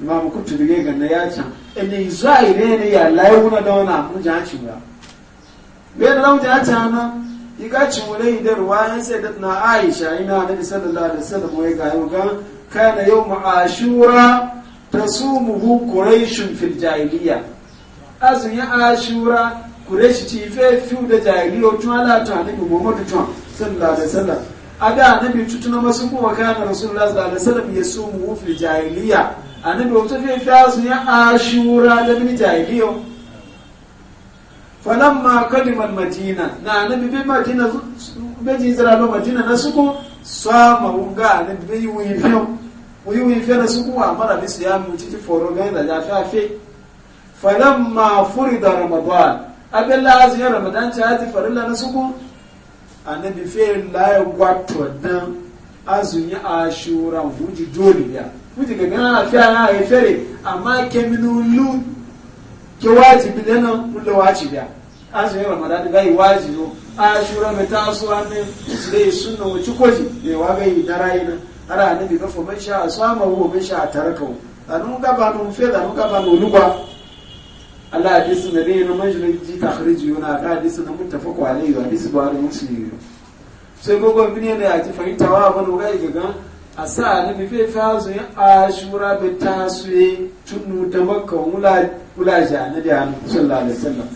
imam kutu da gaigan na ya can yi zuwa ire ne ya layi wuna da wani abu jan ci wula bai da ji jan ci hana yi ka ci wula yi da ruwa ya sai da na aisha ina na bi sallallahu alaihi wasallam wai ga yau ga kana yau mu ashura tasumuhu quraishun fil jahiliya azun ya ashura kureshi ci fe fi da jahiliya tun ala ta ne mu muhammadu tun sallallahu alaihi wasallam ada annabi tutuna masu kuma kana rasulullah sallallahu alaihi wasallam ya sumu fil jahiliya anabi wato fi fasu ya ashura da min jahiliya falamma kadima madina na anabi bi madina be jizra lo madina na suku sama unga annabi bi wiyo wiyo wiyo na wa mara bi mu titi foro, foroga da jafafe falamma furida ramadan abella aziyar ramadan ta ati farilla na suko annabi fe laye wato dan azunyi ashura wuji dole ya wuji ga gana fi ana ya fere amma ke minu lu ke wajibi na nan mulla wajibi ya azunyi ramadan ga yi wajibi ashura mai taso annabi yi sunna wuci koji da wa ga yi na rayina ara annabi ga fa man a asama wa man sha tarakahu a ga ba nu fe da nu ga ba nu lugwa Allah hadisi da bai na majalisar ji takhriji yana ka hadisi na muttafaqu alayhi wa hadisi ba mun shi sai gogo bin ne ya ci fahimta wa ban ga gaga asa ne bi fai fa su yin ashura bi taswi tunu da makka mula mula ja na da an sallallahu alaihi wasallam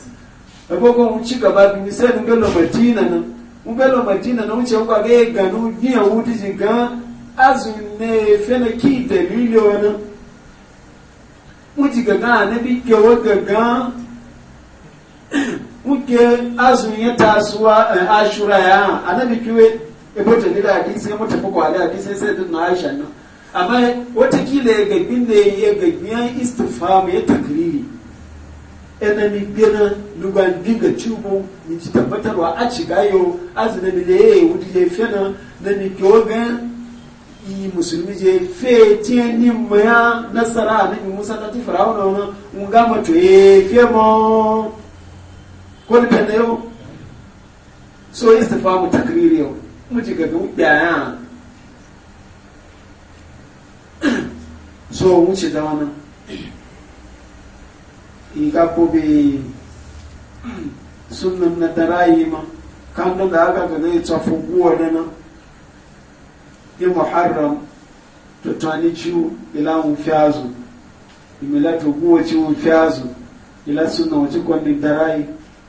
da gogo mu ci gaba bi sai mun gano madina nan mun gano madina nan wuce ga ga ganu biya wuti ji ga Azu ne fe na ki dalilin wannan wuce gaga ne bi kewa gaga muke azun ya tasuwa ashura ya annabi kiwe ibota ni da hadisi ya mutu kwa da hadisi sai da na Aisha nan amma kila ya gabin da ya gabin ya istifham ya takriri ina mi gina lugan diga tubu ni ci tabbatarwa a ci gayo azuna mi da yayi wuce fena na mi kewa gan yi musulmi je fe tiye ni maya nasara na bi musa ta ti firawuna wani mun gama to ye fe mo ko ni pende yo so istifamu takriri yo mu ji ga duk yaya [COUGHS] so mu ci da wani i ka ko be sunnan na ma kan da aka ka zai tsafu guwa na e muharram to tani ciwo ila mfiazu fiyazu imila to mfiazu ciwo fiyazu ila suna wace kwanin darai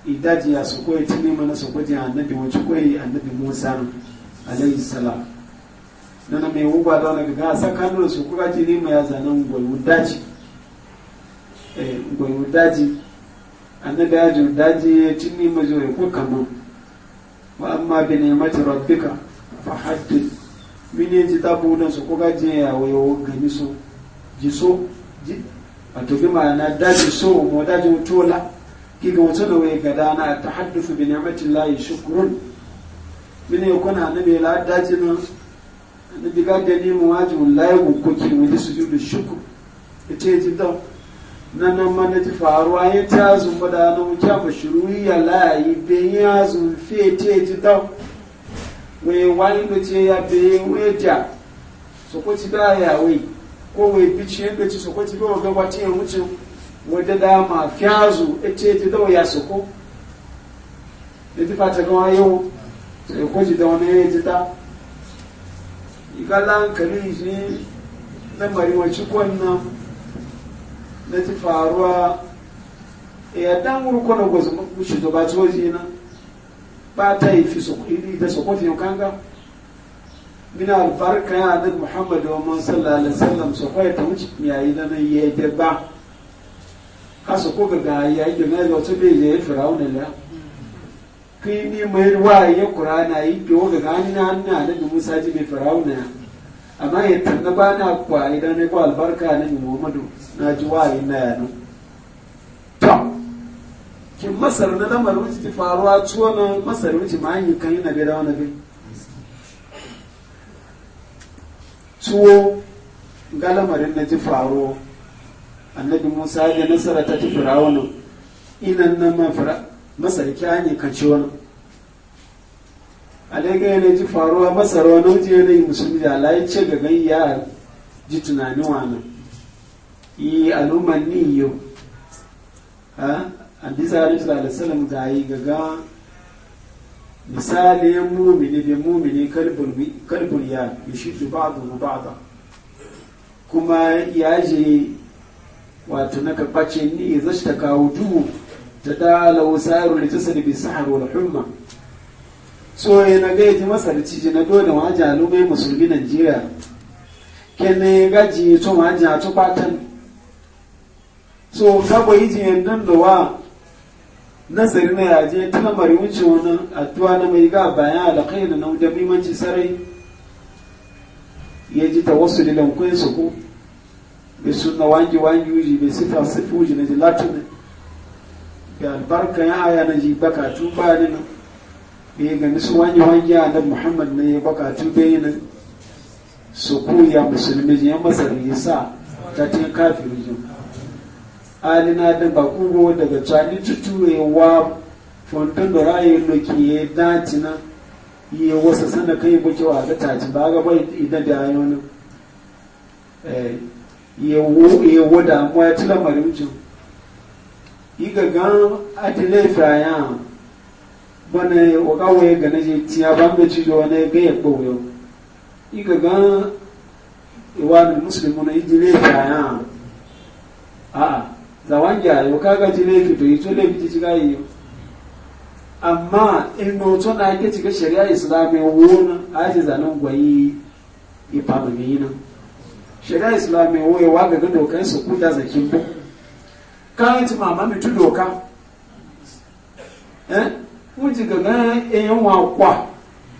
idaji ya su koyi tuni mana su kwaji annabi wace koyi annabi musa alayhi salam nana mai wuba da wani gaga sa kanu su kuka ji ne mai ya zanen gwaiwu daji annabi ya jin tini ya tuni mazo ya kuka mu wa amma bi ni'mati rabbika fahaddith village tafi wudan su kuka ya wayo gani so ji so ji tobi ma ma'ana daji so mo daji tola ki ga wato da waye gada na ta haddufu bi ni'mati llahi shukrun min yakuna annabi la daji na annabi ga gani mu wajibul layi ko ki mu sujudu shukr ite ji da nan nan ma na ji faruwa yi ta zumba da nan mu kya bashiru ya layi be ya zumfe te ji da wee wani doce ya beye wee ja sokoci da ya wai ko wai bici ya doce sokoci da waga wata ya da ma ta dawa ya soko ta fata gawa yau ta ikalan kari na na ti faruwa e ya dan shi ba ci bata yi fi sokuli da sokotin kanga mina albarka ya da muhammadu wa man sallallahu alaihi wasallam sokoya ta wuce yayi da nan yayi da ba ka soko ga ga yayi da nan wato be je firawun da ki ni mai wa ya qur'ana yi ko ga ga ni nan na da musa ji mai firaun ya amma ya tanda ba na kwa idan ne ko albarka ne muhammadu na ji wa na ya no ki masar na damar wuce ti faruwa tuwo na masar wuce ma yi kan yi na da wani bai tuwo galamarin na ji faruwa annabi musa ya nasara ta ti firawuna inan na mafira masar ki an yi kan ci wani alaika yana ji faruwa masar wani wuce yana yi musulmi da alayi ce ga gan ya ji tunanin wani yi al'ummar ni yau hadisa ya rinsu da salam ga yi gaga misali mumini da mumini kalbun ya yushitu ba da bada da kuma ya je wato na karɓace ni zashi ta kawo duhu ta dala wasaru da ta sarbi sahar wal humma so ya na gaji masarci na dole wajen alumai musulmi najeriya kene gaji to wajen a patan so sabo yi jiyan don da wa nazari na yaje tuna mari wuce wani addu'a na mai ga bayan alakai da na da mimanci sarai ya ji ta wasu lilan kun su ko bai suna wangi wangi uji bai sifa sifi uji na ji latin ga albarka ya aya na ji bakatu ba ni nan bai gani su wangi wangi a nan muhammad na ya bakatu bai na su ku ya musulmi ya masar yi sa ta tin kafin jin alina da bakugo daga cani tuturewa fontan da ra'ayin loki ya dace na iya wasa sana kai buke wa ga taci ba ga bai idan da ayo nan eh yewo yewo da mu ya tila marimcin iga ga atile faya bana o ga waye ga naje tiya ban ga ci do ne ga yabo yo iga ga musulmi na idile faya a'a zawangi ayo kaga ti laifi to ito laifi ti ciga yi amma in noto na ake cika shari'a islami wona aji zanen gwayi ifamu ne nan shari'a islami woye wa ga dokan su kuda zakin bu kayan ti mama mitu doka eh mun ji ga nan eyan wa kwa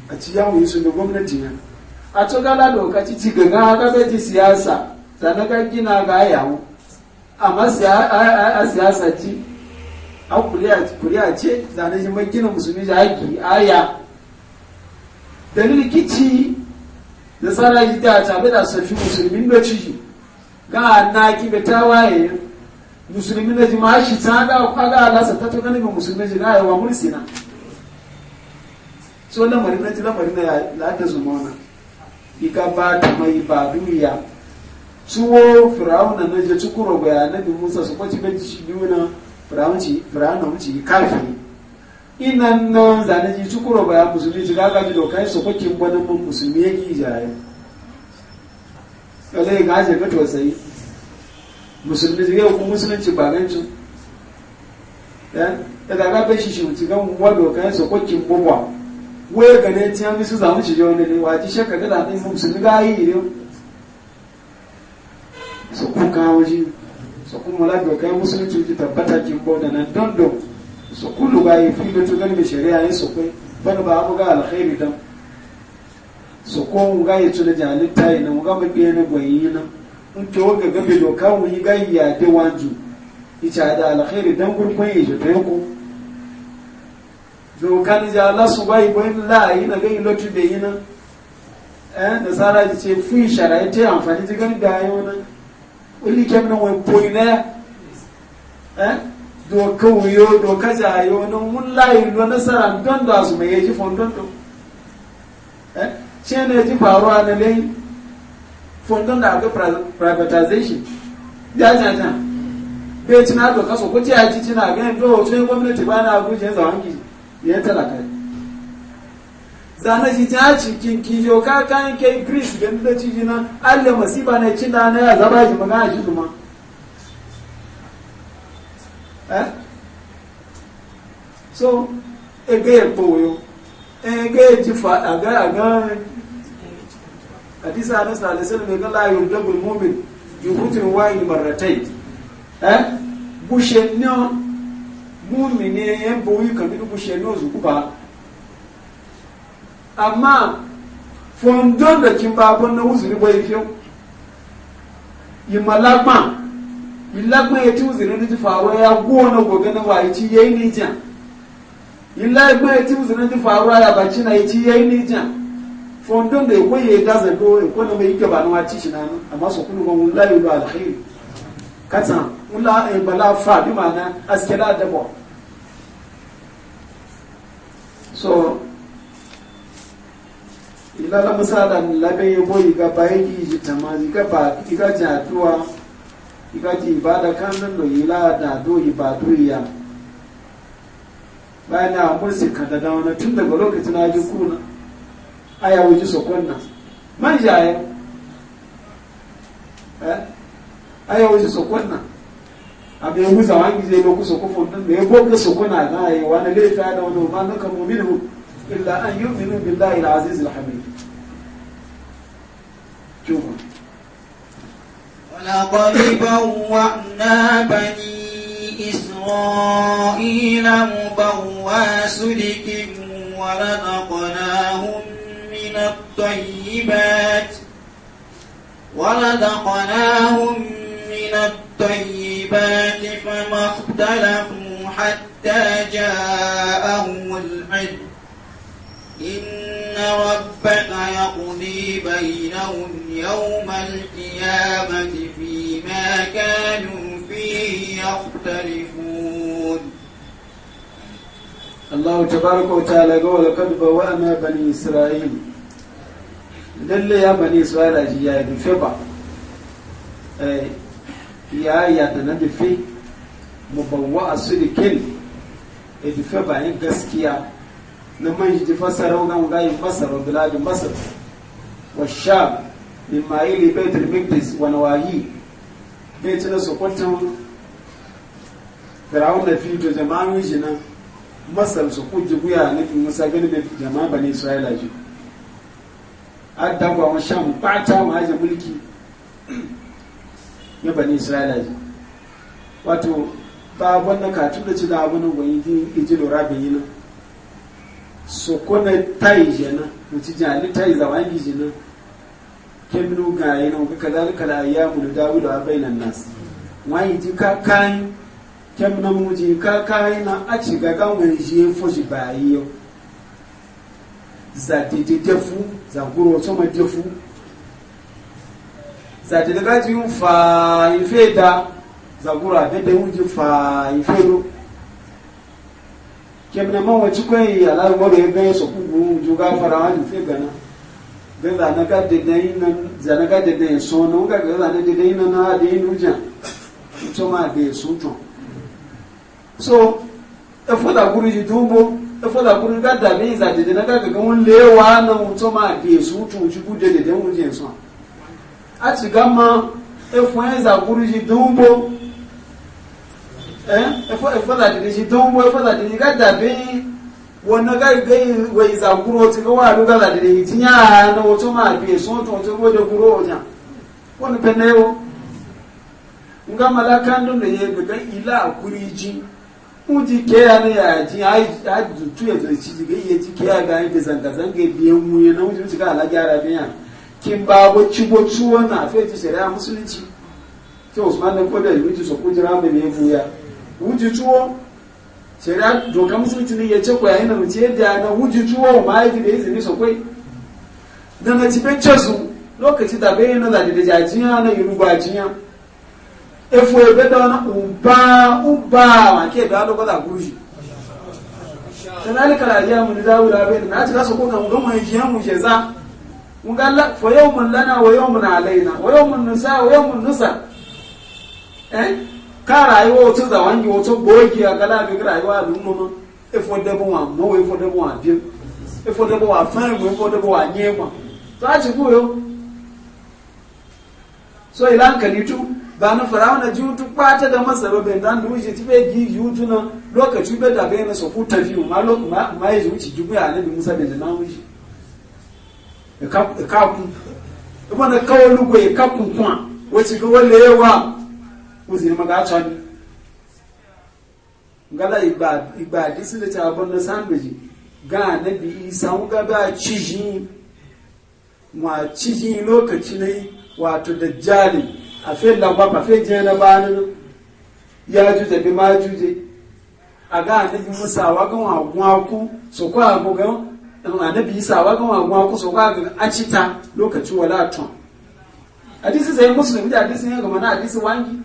a ci yawon yi su da gwamnati ne a to doka ci ci ga nan siyasa sannan kan gina ga yawon a siyasa ci a kuriya ce zane shi mai gina musulmi da haƙi aya dalil kici da tsara yi ta tabi da sashi musulmi da ciki ga na kibe ta waye musulmi da ji ma shi ta ga kwaga alasa ta to ga musulmi ji na yawa mursina so lamarin na ji lamarin na ya ta zuma wana ika ba ta mai ba duniya suwo firawuna na je tukuro ga annabi Musa su kwaci bai shi biyu firawunci firawuna mu kafi inan na zane ji tukuro ga musulmi ji ga gaji dokai su kwaci gwanin mun musulmi ki jaye kale zai gaje ga tosai musulmi ji yau kuma musulunci ba gancin eh da ga bai shi shi mutu ga mu dokai su kwaci bubwa wai ga ne tiyan bisu zamu ci je ne wa ci shakka da da musulmi ga yi ne su kun kawo shi su kun mulaga kai musulunci ki tabbata kin ko da nan don don su kun luga yi fi da tugar da shari'a yi su kai bana ba abu ga alkhairi dan su ko mu ga yi tuna jalita yi na, mu ga mu biye ne goyi na in ki wanga ga bi doka mu yi ga ya de wanju ita da alkhairi dan gurkun yi je ko dokan ja Allah su bai bai la yi na ga yi lotu da yi na. eh da sara ji ce fi sharaiti amfani jigar da yau na. wani ke mun wai boyi na do eh? ka doka yo na mun layi do nasara don da su mai yaji fondon to eh? shi ne ji faruwa na lai fondon da ga privatization ya jaja bai cina doka so ko ce a ji cina ganin to hoton gwamnati ba na gujin zawon gizi ya talaka zana ji ta ci kiyo ka kan kai gris ganin da ci na allah masiba na ci da na ya zaba shi magana shi kuma eh so e e yo e ga e ji fa aga aga hadisa anas na alisal mai ga la yubdagu almu'min wa yi marratayn eh yi mu'mini bushe no zu ku ba amma fondon da kin babon na uzuri bai fiyo yi malagba yi lagba ya ti uzuri na ti faruwa ya gona go na wa ci yayi ni jan yi lagba ya ti uzuri na ti faruwa ya baci na yi ci yayi ni jan fondon da ya koyi ya gaza do ya kona mai gaba na wace shi na nan amma su kuma wani layu da alkhairi katsan wula ya eh, bala fa bi ma na askela da bo so ilala la musala labe yebo iga bayi ji tamani ga ba iga jaduwa iga ji ibada kan do ila da do ibadu ya bayan na mursi kada da wani tun daga lokacin na ji kuna aya wuji sokon nan man jaye eh aya wuji sokon nan abu ya wuza wangi zai lokuso kofon nan da ya gobe sokon na na yi wani laifi da wani ma na kamo minu إلا أن يؤمنوا بالله العزيز الحميد شوفوا ولقد بوأنا بني إسرائيل مبوى سلك ولنقناهم من الطيبات ولنقناهم من الطيبات فما اختلفوا حتى جاءهم العلم ربك يقضي بينهم يوم القيامة فيما كانوا فيه يختلفون الله تبارك وتعالى قول قد بوأنا بني إسرائيل lalle يا بني إسرائيل ji ya yi يا ba ya ya da na dufe mubawwa a sulikin na man shi fassara wugan gayin fassara biladin masar wa sham min ma'ili baitul mikdis wa nawahi baitul na sokotan firawun da fito jama'an shi jina masar su kuji guya nufin musa gani da jama'a bane isra'ila ji adda ba wa sham bata ma haje mulki ya bane isra'ila ji wato ba wannan katun da ci da abunan gwani ji lura bayi nan soko na tayi jena wuce jali tayi zawangi jena kemnu ga yana ga kadalika ya mu da dawudu a bainan nas wani ji ka kai kemnu mu ji ka kai na a ci ga ga mun ji ji ba yau za ti ti tefu za guro so ma tefu za ti daga ji fa ife da za guro a dede ji fa ife do kemna ma wace kwai alar moro ya gaya su kugu juga fara wani fi gana ga zana ka ka so na ga ga zana dedai nan na de yin to ma su to so e foda guru ji dumbo e foda guru ga da be za dedai na ga ga won lewa na to ma ga su to ji ku dedai won je so a ti ga ma e fo en za guru ji dumbo bɔ shi don wai fadadiri ga dabe wani gari wai zakuro ti ga wa ruga ti na wato ma bi so to to go de guro nga ga ila kuriji ti ke ya ne ya ji a ji tu ya zai ci ga iya ji ke ya ga ni zan zanga biyan mu ya na uji ci ga ala gyara biya kin ba bo ci bo a fe ti shari'a musulunci ke ne ko da yi ji so ko jira ya wuji tuwo shari'a doka musulunci ne ya ce ku yayin da mace yadda ga wuji tuwo ma yake da izini su kwai na ci lokaci da bayan na da jajiya na yuruba efu ebe da wani umba umba ma ke da alo kwada na kan gama mun ga fa yawmun lana wa yawmun alaina wa yawmun nisa ka rayuwa wato zawangi wato bogi a galabi rayuwa da nuna efo debo wa mo efo debo wa bi efo debo wa fan mo efo debo wa nye ma to a ci goyo so ilan kalitu ba na farawa na jutu kwata da masaro ben dan duje ti be gi jutu na lokaci be da be na so ku tafi ma lo ma ma yi juci jubu ya ne musa ben na wuji e ka ka ku ibana kawo lugo e ka ku kwa wati ga wale wa musu ne maka acan gala igba disi da cabon na sanduji ga na bi isa wuga ba ciji ma ciji lokaci ne da jali a fe lagwa ba fe jena ba nan ya juje bi ma juje a ga na bi musawa ga wa gwaku a isa wa kan wagon ku so ga acita lokaci wala ton hadisi sai muslim da hadisi ne ga mana wangi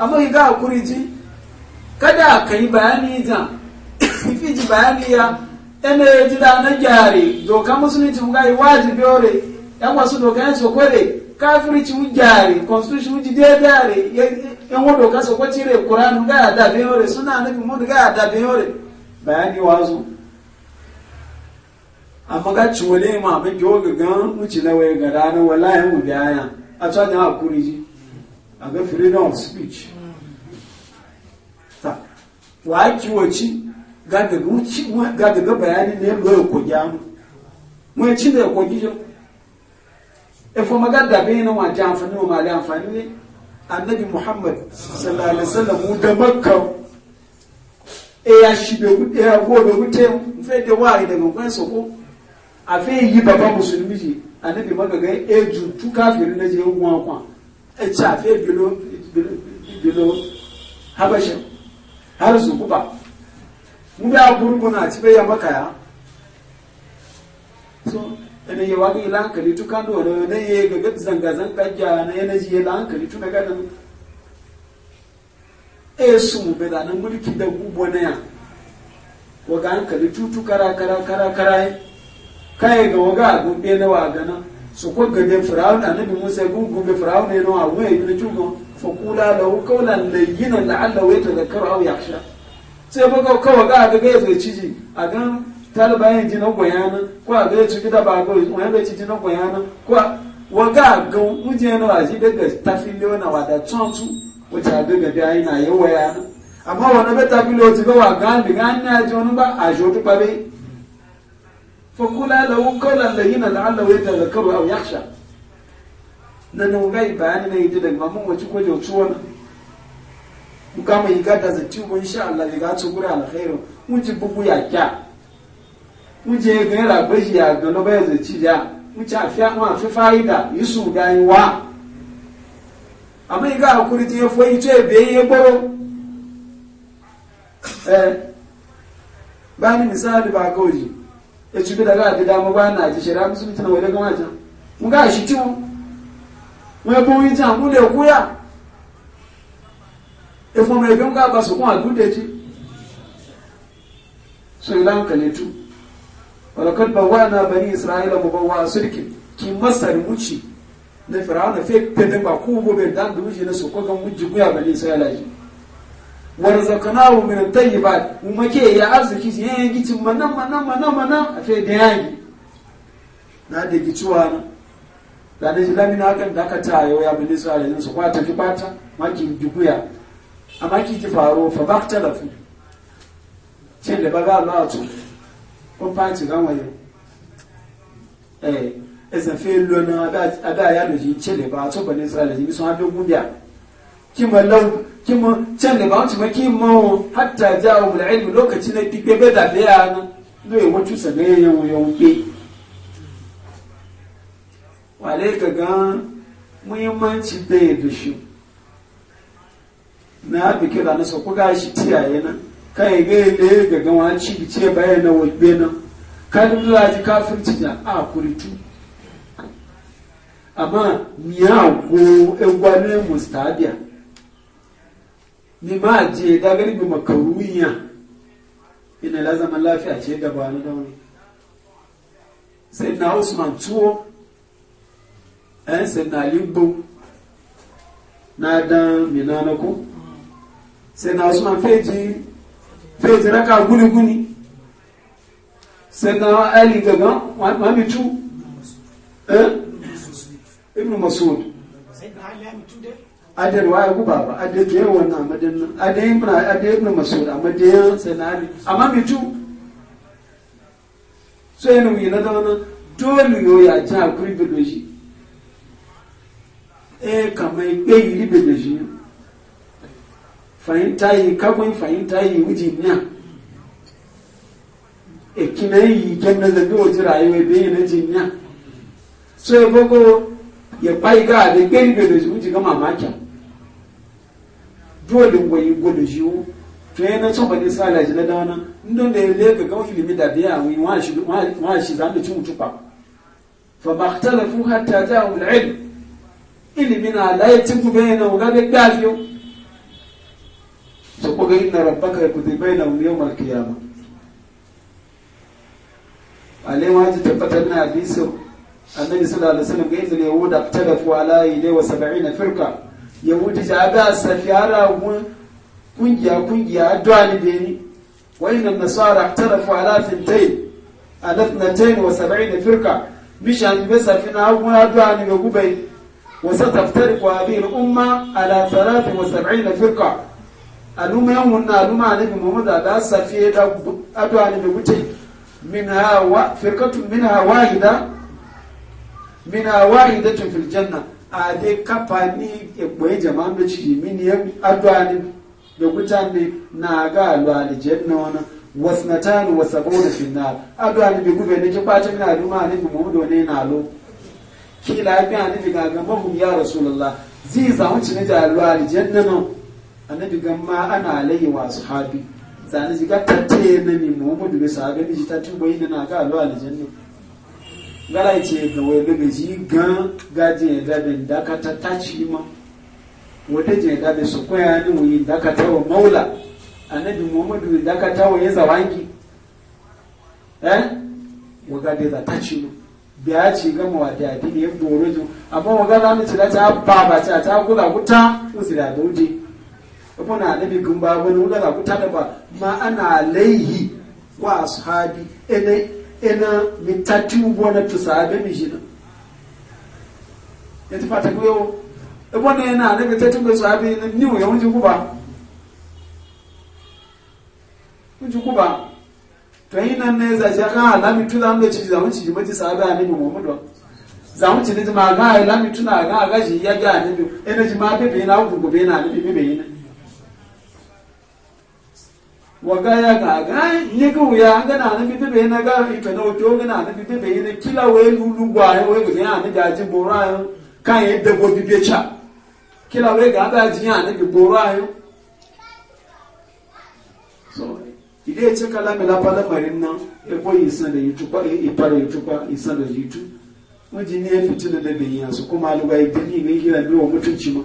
amma yi ga hakuri ji kada ka yi bayani jan fi [COUGHS] ji bayani ya ɗana ya ji da na gyare doka musulunci ga yi wajibi ore yan wasu doka yan sokore kafirci mu gyare constitution mu ji dai gyare yan wa doka soko cire kuranu ga ya dabe ore suna nabi mu ga ya da dabe ore bayani wazo amma ga ciwole ma abin gyoga gan mu ci na waye ga ranar wallahi mu biya a cikin hakuri ji a ga freedom of speech ta wa kiwoci ga daga bayani ne lo ya kogi amu mu ya ci da ya E yau efo magada bai na wajen amfani wa mali amfani ne annabi muhammad sallallahu alaihi wasallam da makka e ya shi be gude ya go be gude fe da wari daga kun soko a fe yi baba musulmi ji annabi magaga e ju juntu kafirin na je mu kwa shafe bilo habashin har su kuba mu da gurguna ci maka ya so ene ye wagi ila hankali tu kando na ne ye zanga zanga ja na yana ji ila hankali tu naga nan e su mu be da nan mulki da gubo na ya waga hankali tu tu kara kara kara kara kai ga waga gumbe na waga nan ko gade firawun annabi musa gun gube firawun ne a wuya yi jugo fa kula lahu qawlan layyinan la'allahu yatadhakkaru aw yakhsha sai ba ga kawa ga ga ga zai ciji a gan talaba yin jina goyana ko a ga ya ciki da ba ga wani ga ciji na goyana ko wa ga ga muje na waji daga tafiliyo na wada tsonsu wata ga ga da yana yawa yana amma wani ba tafiliyo ti ba wa ga ga na ji wani ba a jotu ba bai fakula lahu qawlan layyina la'allahu yatadhakkaru aw yakhsha nan mun ga bayani ne da daga mamun wace ko da tuwa mu ga mai ga da zati mu insha Allah ga ci gura alkhairu mu ji bugu ya kya mu je ga ra bashi ya ga no bai zati ya mu ci afiya mu afi faida yusu ga yi wa amma ga hakuri je foi ce be ye boro eh bani misali ba gauri ya ci daga a gida mu na ji shari'a musulunci na wani gama jan mu ga shi ciwo mu ya bọ́n jan mu lè kúyà efun rẹ̀ bí mu ká ba sọ̀kún àdúdé so ilá ń kàlẹ̀ tu? ọ̀lọ́kọ́t bá wà bani isra'ila mu bá wà Ki kí masar muci na fir'auna fe pẹ̀lẹ́ ba kó bó bẹ̀ dáńdó wuce na sọ̀kọ́ kan mu bani isra'ila yìí warzaqnahu min at-tayyibat umake ya arziki shi yayin gicin manan manan manan manan a fe da yayi na da gicuwa na da jilami na hakan da aka ta yau ya bin sa yanzu su kwata fi bata maki dubuya amma ki ki faro fa baktalafu cin da baga Allah to kun fanci gan waye eh ezan fe lona ada da ya loji cin da ba to bane sa ji sun ha dogun biya kima lau kima can da ba ma kima wo hatta jawo mu ilmi lokaci na dikbe be da be an do e wotu sa ga yan wo yan pe wale ka ga muhimmanci da shi. dushi na bi kira na so ku ga shi tiyaye na kai ga ne ga ga wani ci ce bayan na wobe na kan zuwa ji kafirci da a kuritu amma miya ko egwanin mustabiya ni ma je da gani bi makaruniya ina la zaman lafiya ce da ba na dauni sai na usman tuwo eh sai na limbo na dan minana ku. sai na usman feji feji ka guni guni sai na ali gaga wa mi tu eh ibnu masud sai na ali mi tu dai adar waya guba ba adar ke yawan na amadin nan adar ibn adar ibn masud amadin sanani amma mi tu so yana wuyi na da wannan dole yo ya ji akuri biloji e kama ikpe yiri biloji fahimta yi kakwai fahimta yi wuji niya e kina yi kyan na zabi wajen rayuwa bayan na jin niya so ya gogo ya bai ga da gani da shi wuce ga mamaki dole wai gudu shi wo to yana son ne sa laji na dana ndon da le ga gawo ilimi da biya wani wani shi wa zan da cin ba fa lafi hatta ja'u al-ilm ilimi na la na bayna wa ga gafiyo so ko ga inna rabbaka na bayna yau al kiyama. alaiwa ji tabbatar na abisau annabi sallallahu alaihi wasallam gaizu ne yahuda talafu ala ilai wa sab'ina firqa yahuda ja ga safiyara mun kungiya kungiya adwani beni wa inna nasara talafu ala fintain alafnatain wa sab'ina firqa mishan be safina mun adwani be gubai wa sataftariqu hadhihi al-umma ala 73 firqa aluma yamun na aluma annabi muhammad da safiya da adwani be gutai minha wa firqatun minha wahida mina wahidatin fil janna a dai kafa ni e boye jama'an da ciki mini addu'a ne da kutane na ga alwali janna wannan wasnatan wa sabuna fil nar addu'a ne bi gube ne ki kwata mina duma ne bi mu ne na lo ki lafiya ne bi ga ga mahu ya rasulullah zai zamu ci ne da alwali janna no annabi gamma ana alayhi wa sahabi zani ji ga tatte ne mi mu mu sa sahabi ji ta tubo ina na ga alwali janna ngala ce ga wee bebe ji gan gajin ya dabe dakata ta ci ma wata je dabe su koya ni wuyi dakata wa maula annabi muhammadu dakata wa ya zawangi eh waga da ta ci mu biya ci gama wa wata addini ya boro ju amma waga da mu ci da ta ba ba ta ta gula guta musu da doje kuma annabi kun ba wani wula guta da ba ma ana alaihi wa ashabi ene ena mitati ubona tusabe mijina pata kuyo ebona ena ne mitati mbe sabe ni niu ya unji kuba unji kuba ina neza jaka na mitula mbe za unji jimo tisabe ani mu mumudwa za unji ne jima ga ela mituna aga aga ji ya ga ni ena jima abe be na ubu be na wagaya ga ga yiga wuya ga na na bibi be na ga ipe na oto ga na na bibi be na kila we lulu gwa e we ga na ga ji boro ayo kan e de go kila we ga ga ji na bi boro ayo so ide che kala me la marin na e ko isan de yitu pa e de yitu pa isan de yitu mo ji ne fitu na de be so kuma lu ga ide ni ne kila bi wa mutunci ma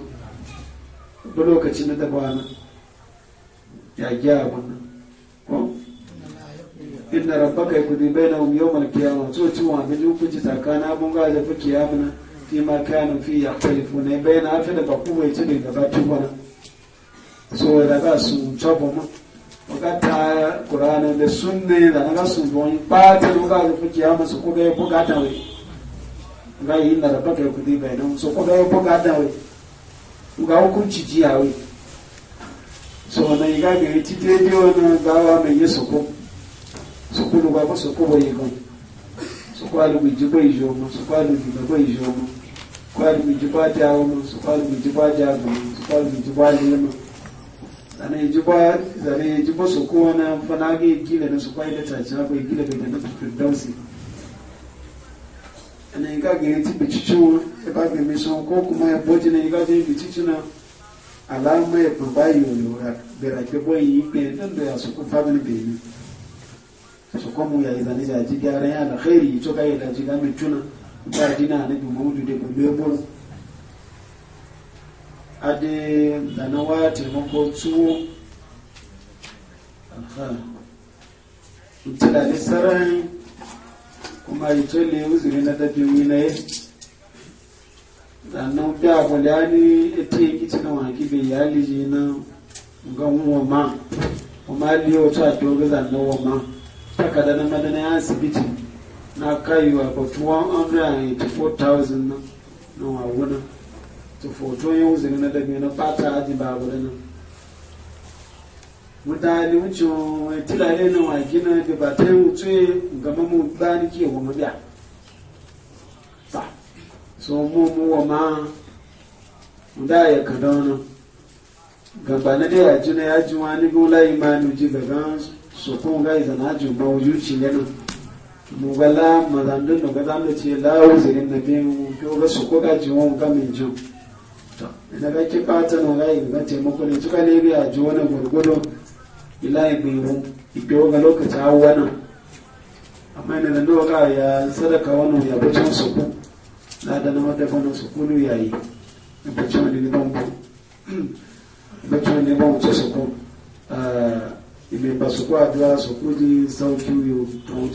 ba lokacin da ba ya gya abun inna rabbaka yakudi bainahum yawm al-qiyamah so ci wa bi hukunci tsakana mun ga da fiki ya muna fi ma kanu fi yaqtalifuna baina afi da baku wai ci da ba ci bana so da ga su tabo mu wakata qur'ana da sunne da ga su don pata mun ga da fiki ya musu ko ga bukata wai ga inna rabbaka yakudi bainahum so ko ga bukata wai ga hukunci jiya wai so na iga ya cikin rediyo na gawa mai yi suku suku lugba ba suku bai yi gan soko ji bai jo mu suku soko alubiji bai jo mu suku soko ji ba ta hawa mu soko ji ba ta hawa mu soko ji ba lema zane yi jiba zane yi jiba soko wani fana ga yi gila na soko da tace ba bai gila bai da na tutur dausi ana iga gari titi bicicin ya ba mai sun ko kuma ya bojina na iga gari bicicin na alama ya fi bayi yoyora bera ke boyi ikpe don da ya su kun family baby su kuma mu ya yi zane ya ji gyaran ya na khairi ya toka yi da ji gamin tuna ba dina na bi mudu da ku lebur ade da na waya taimako tuwo ta da lissarai kuma yi tole uzuri na dabi wina yi sannan fi abu na yari ita yi kici kan na na ya liji na gan wama a liya wata dogo sannan wama da na na ya asibiti na kaiwa ba 184,000 na na wawuna to foto na dabi na fata aji na abu da nan na wucin na wa na na ba ta ya wuce ga mamu so mu mu wa ma da ya kada wani gaba na da yaji na yaji wani gula imanu ji daga so kun ga izan hajji ba wujuci yana mu ga la mazandun da ga zamu ce la uzirin na biyu mu ko ga su ko ga ji mu ga min jin to idan ga ki fata no ga ga taimako ne tuka ne biya ji wani gurgudu ila ibiru ibe ga lokaci hawa nan amma ina da ga ya sadaka wani ya bacin su ku lada na wata bana su kulu yayi bacci wani ne ban bacci wani ne ban wuce su ku ah, ile ba su ku addu'a su ku sauki yiwu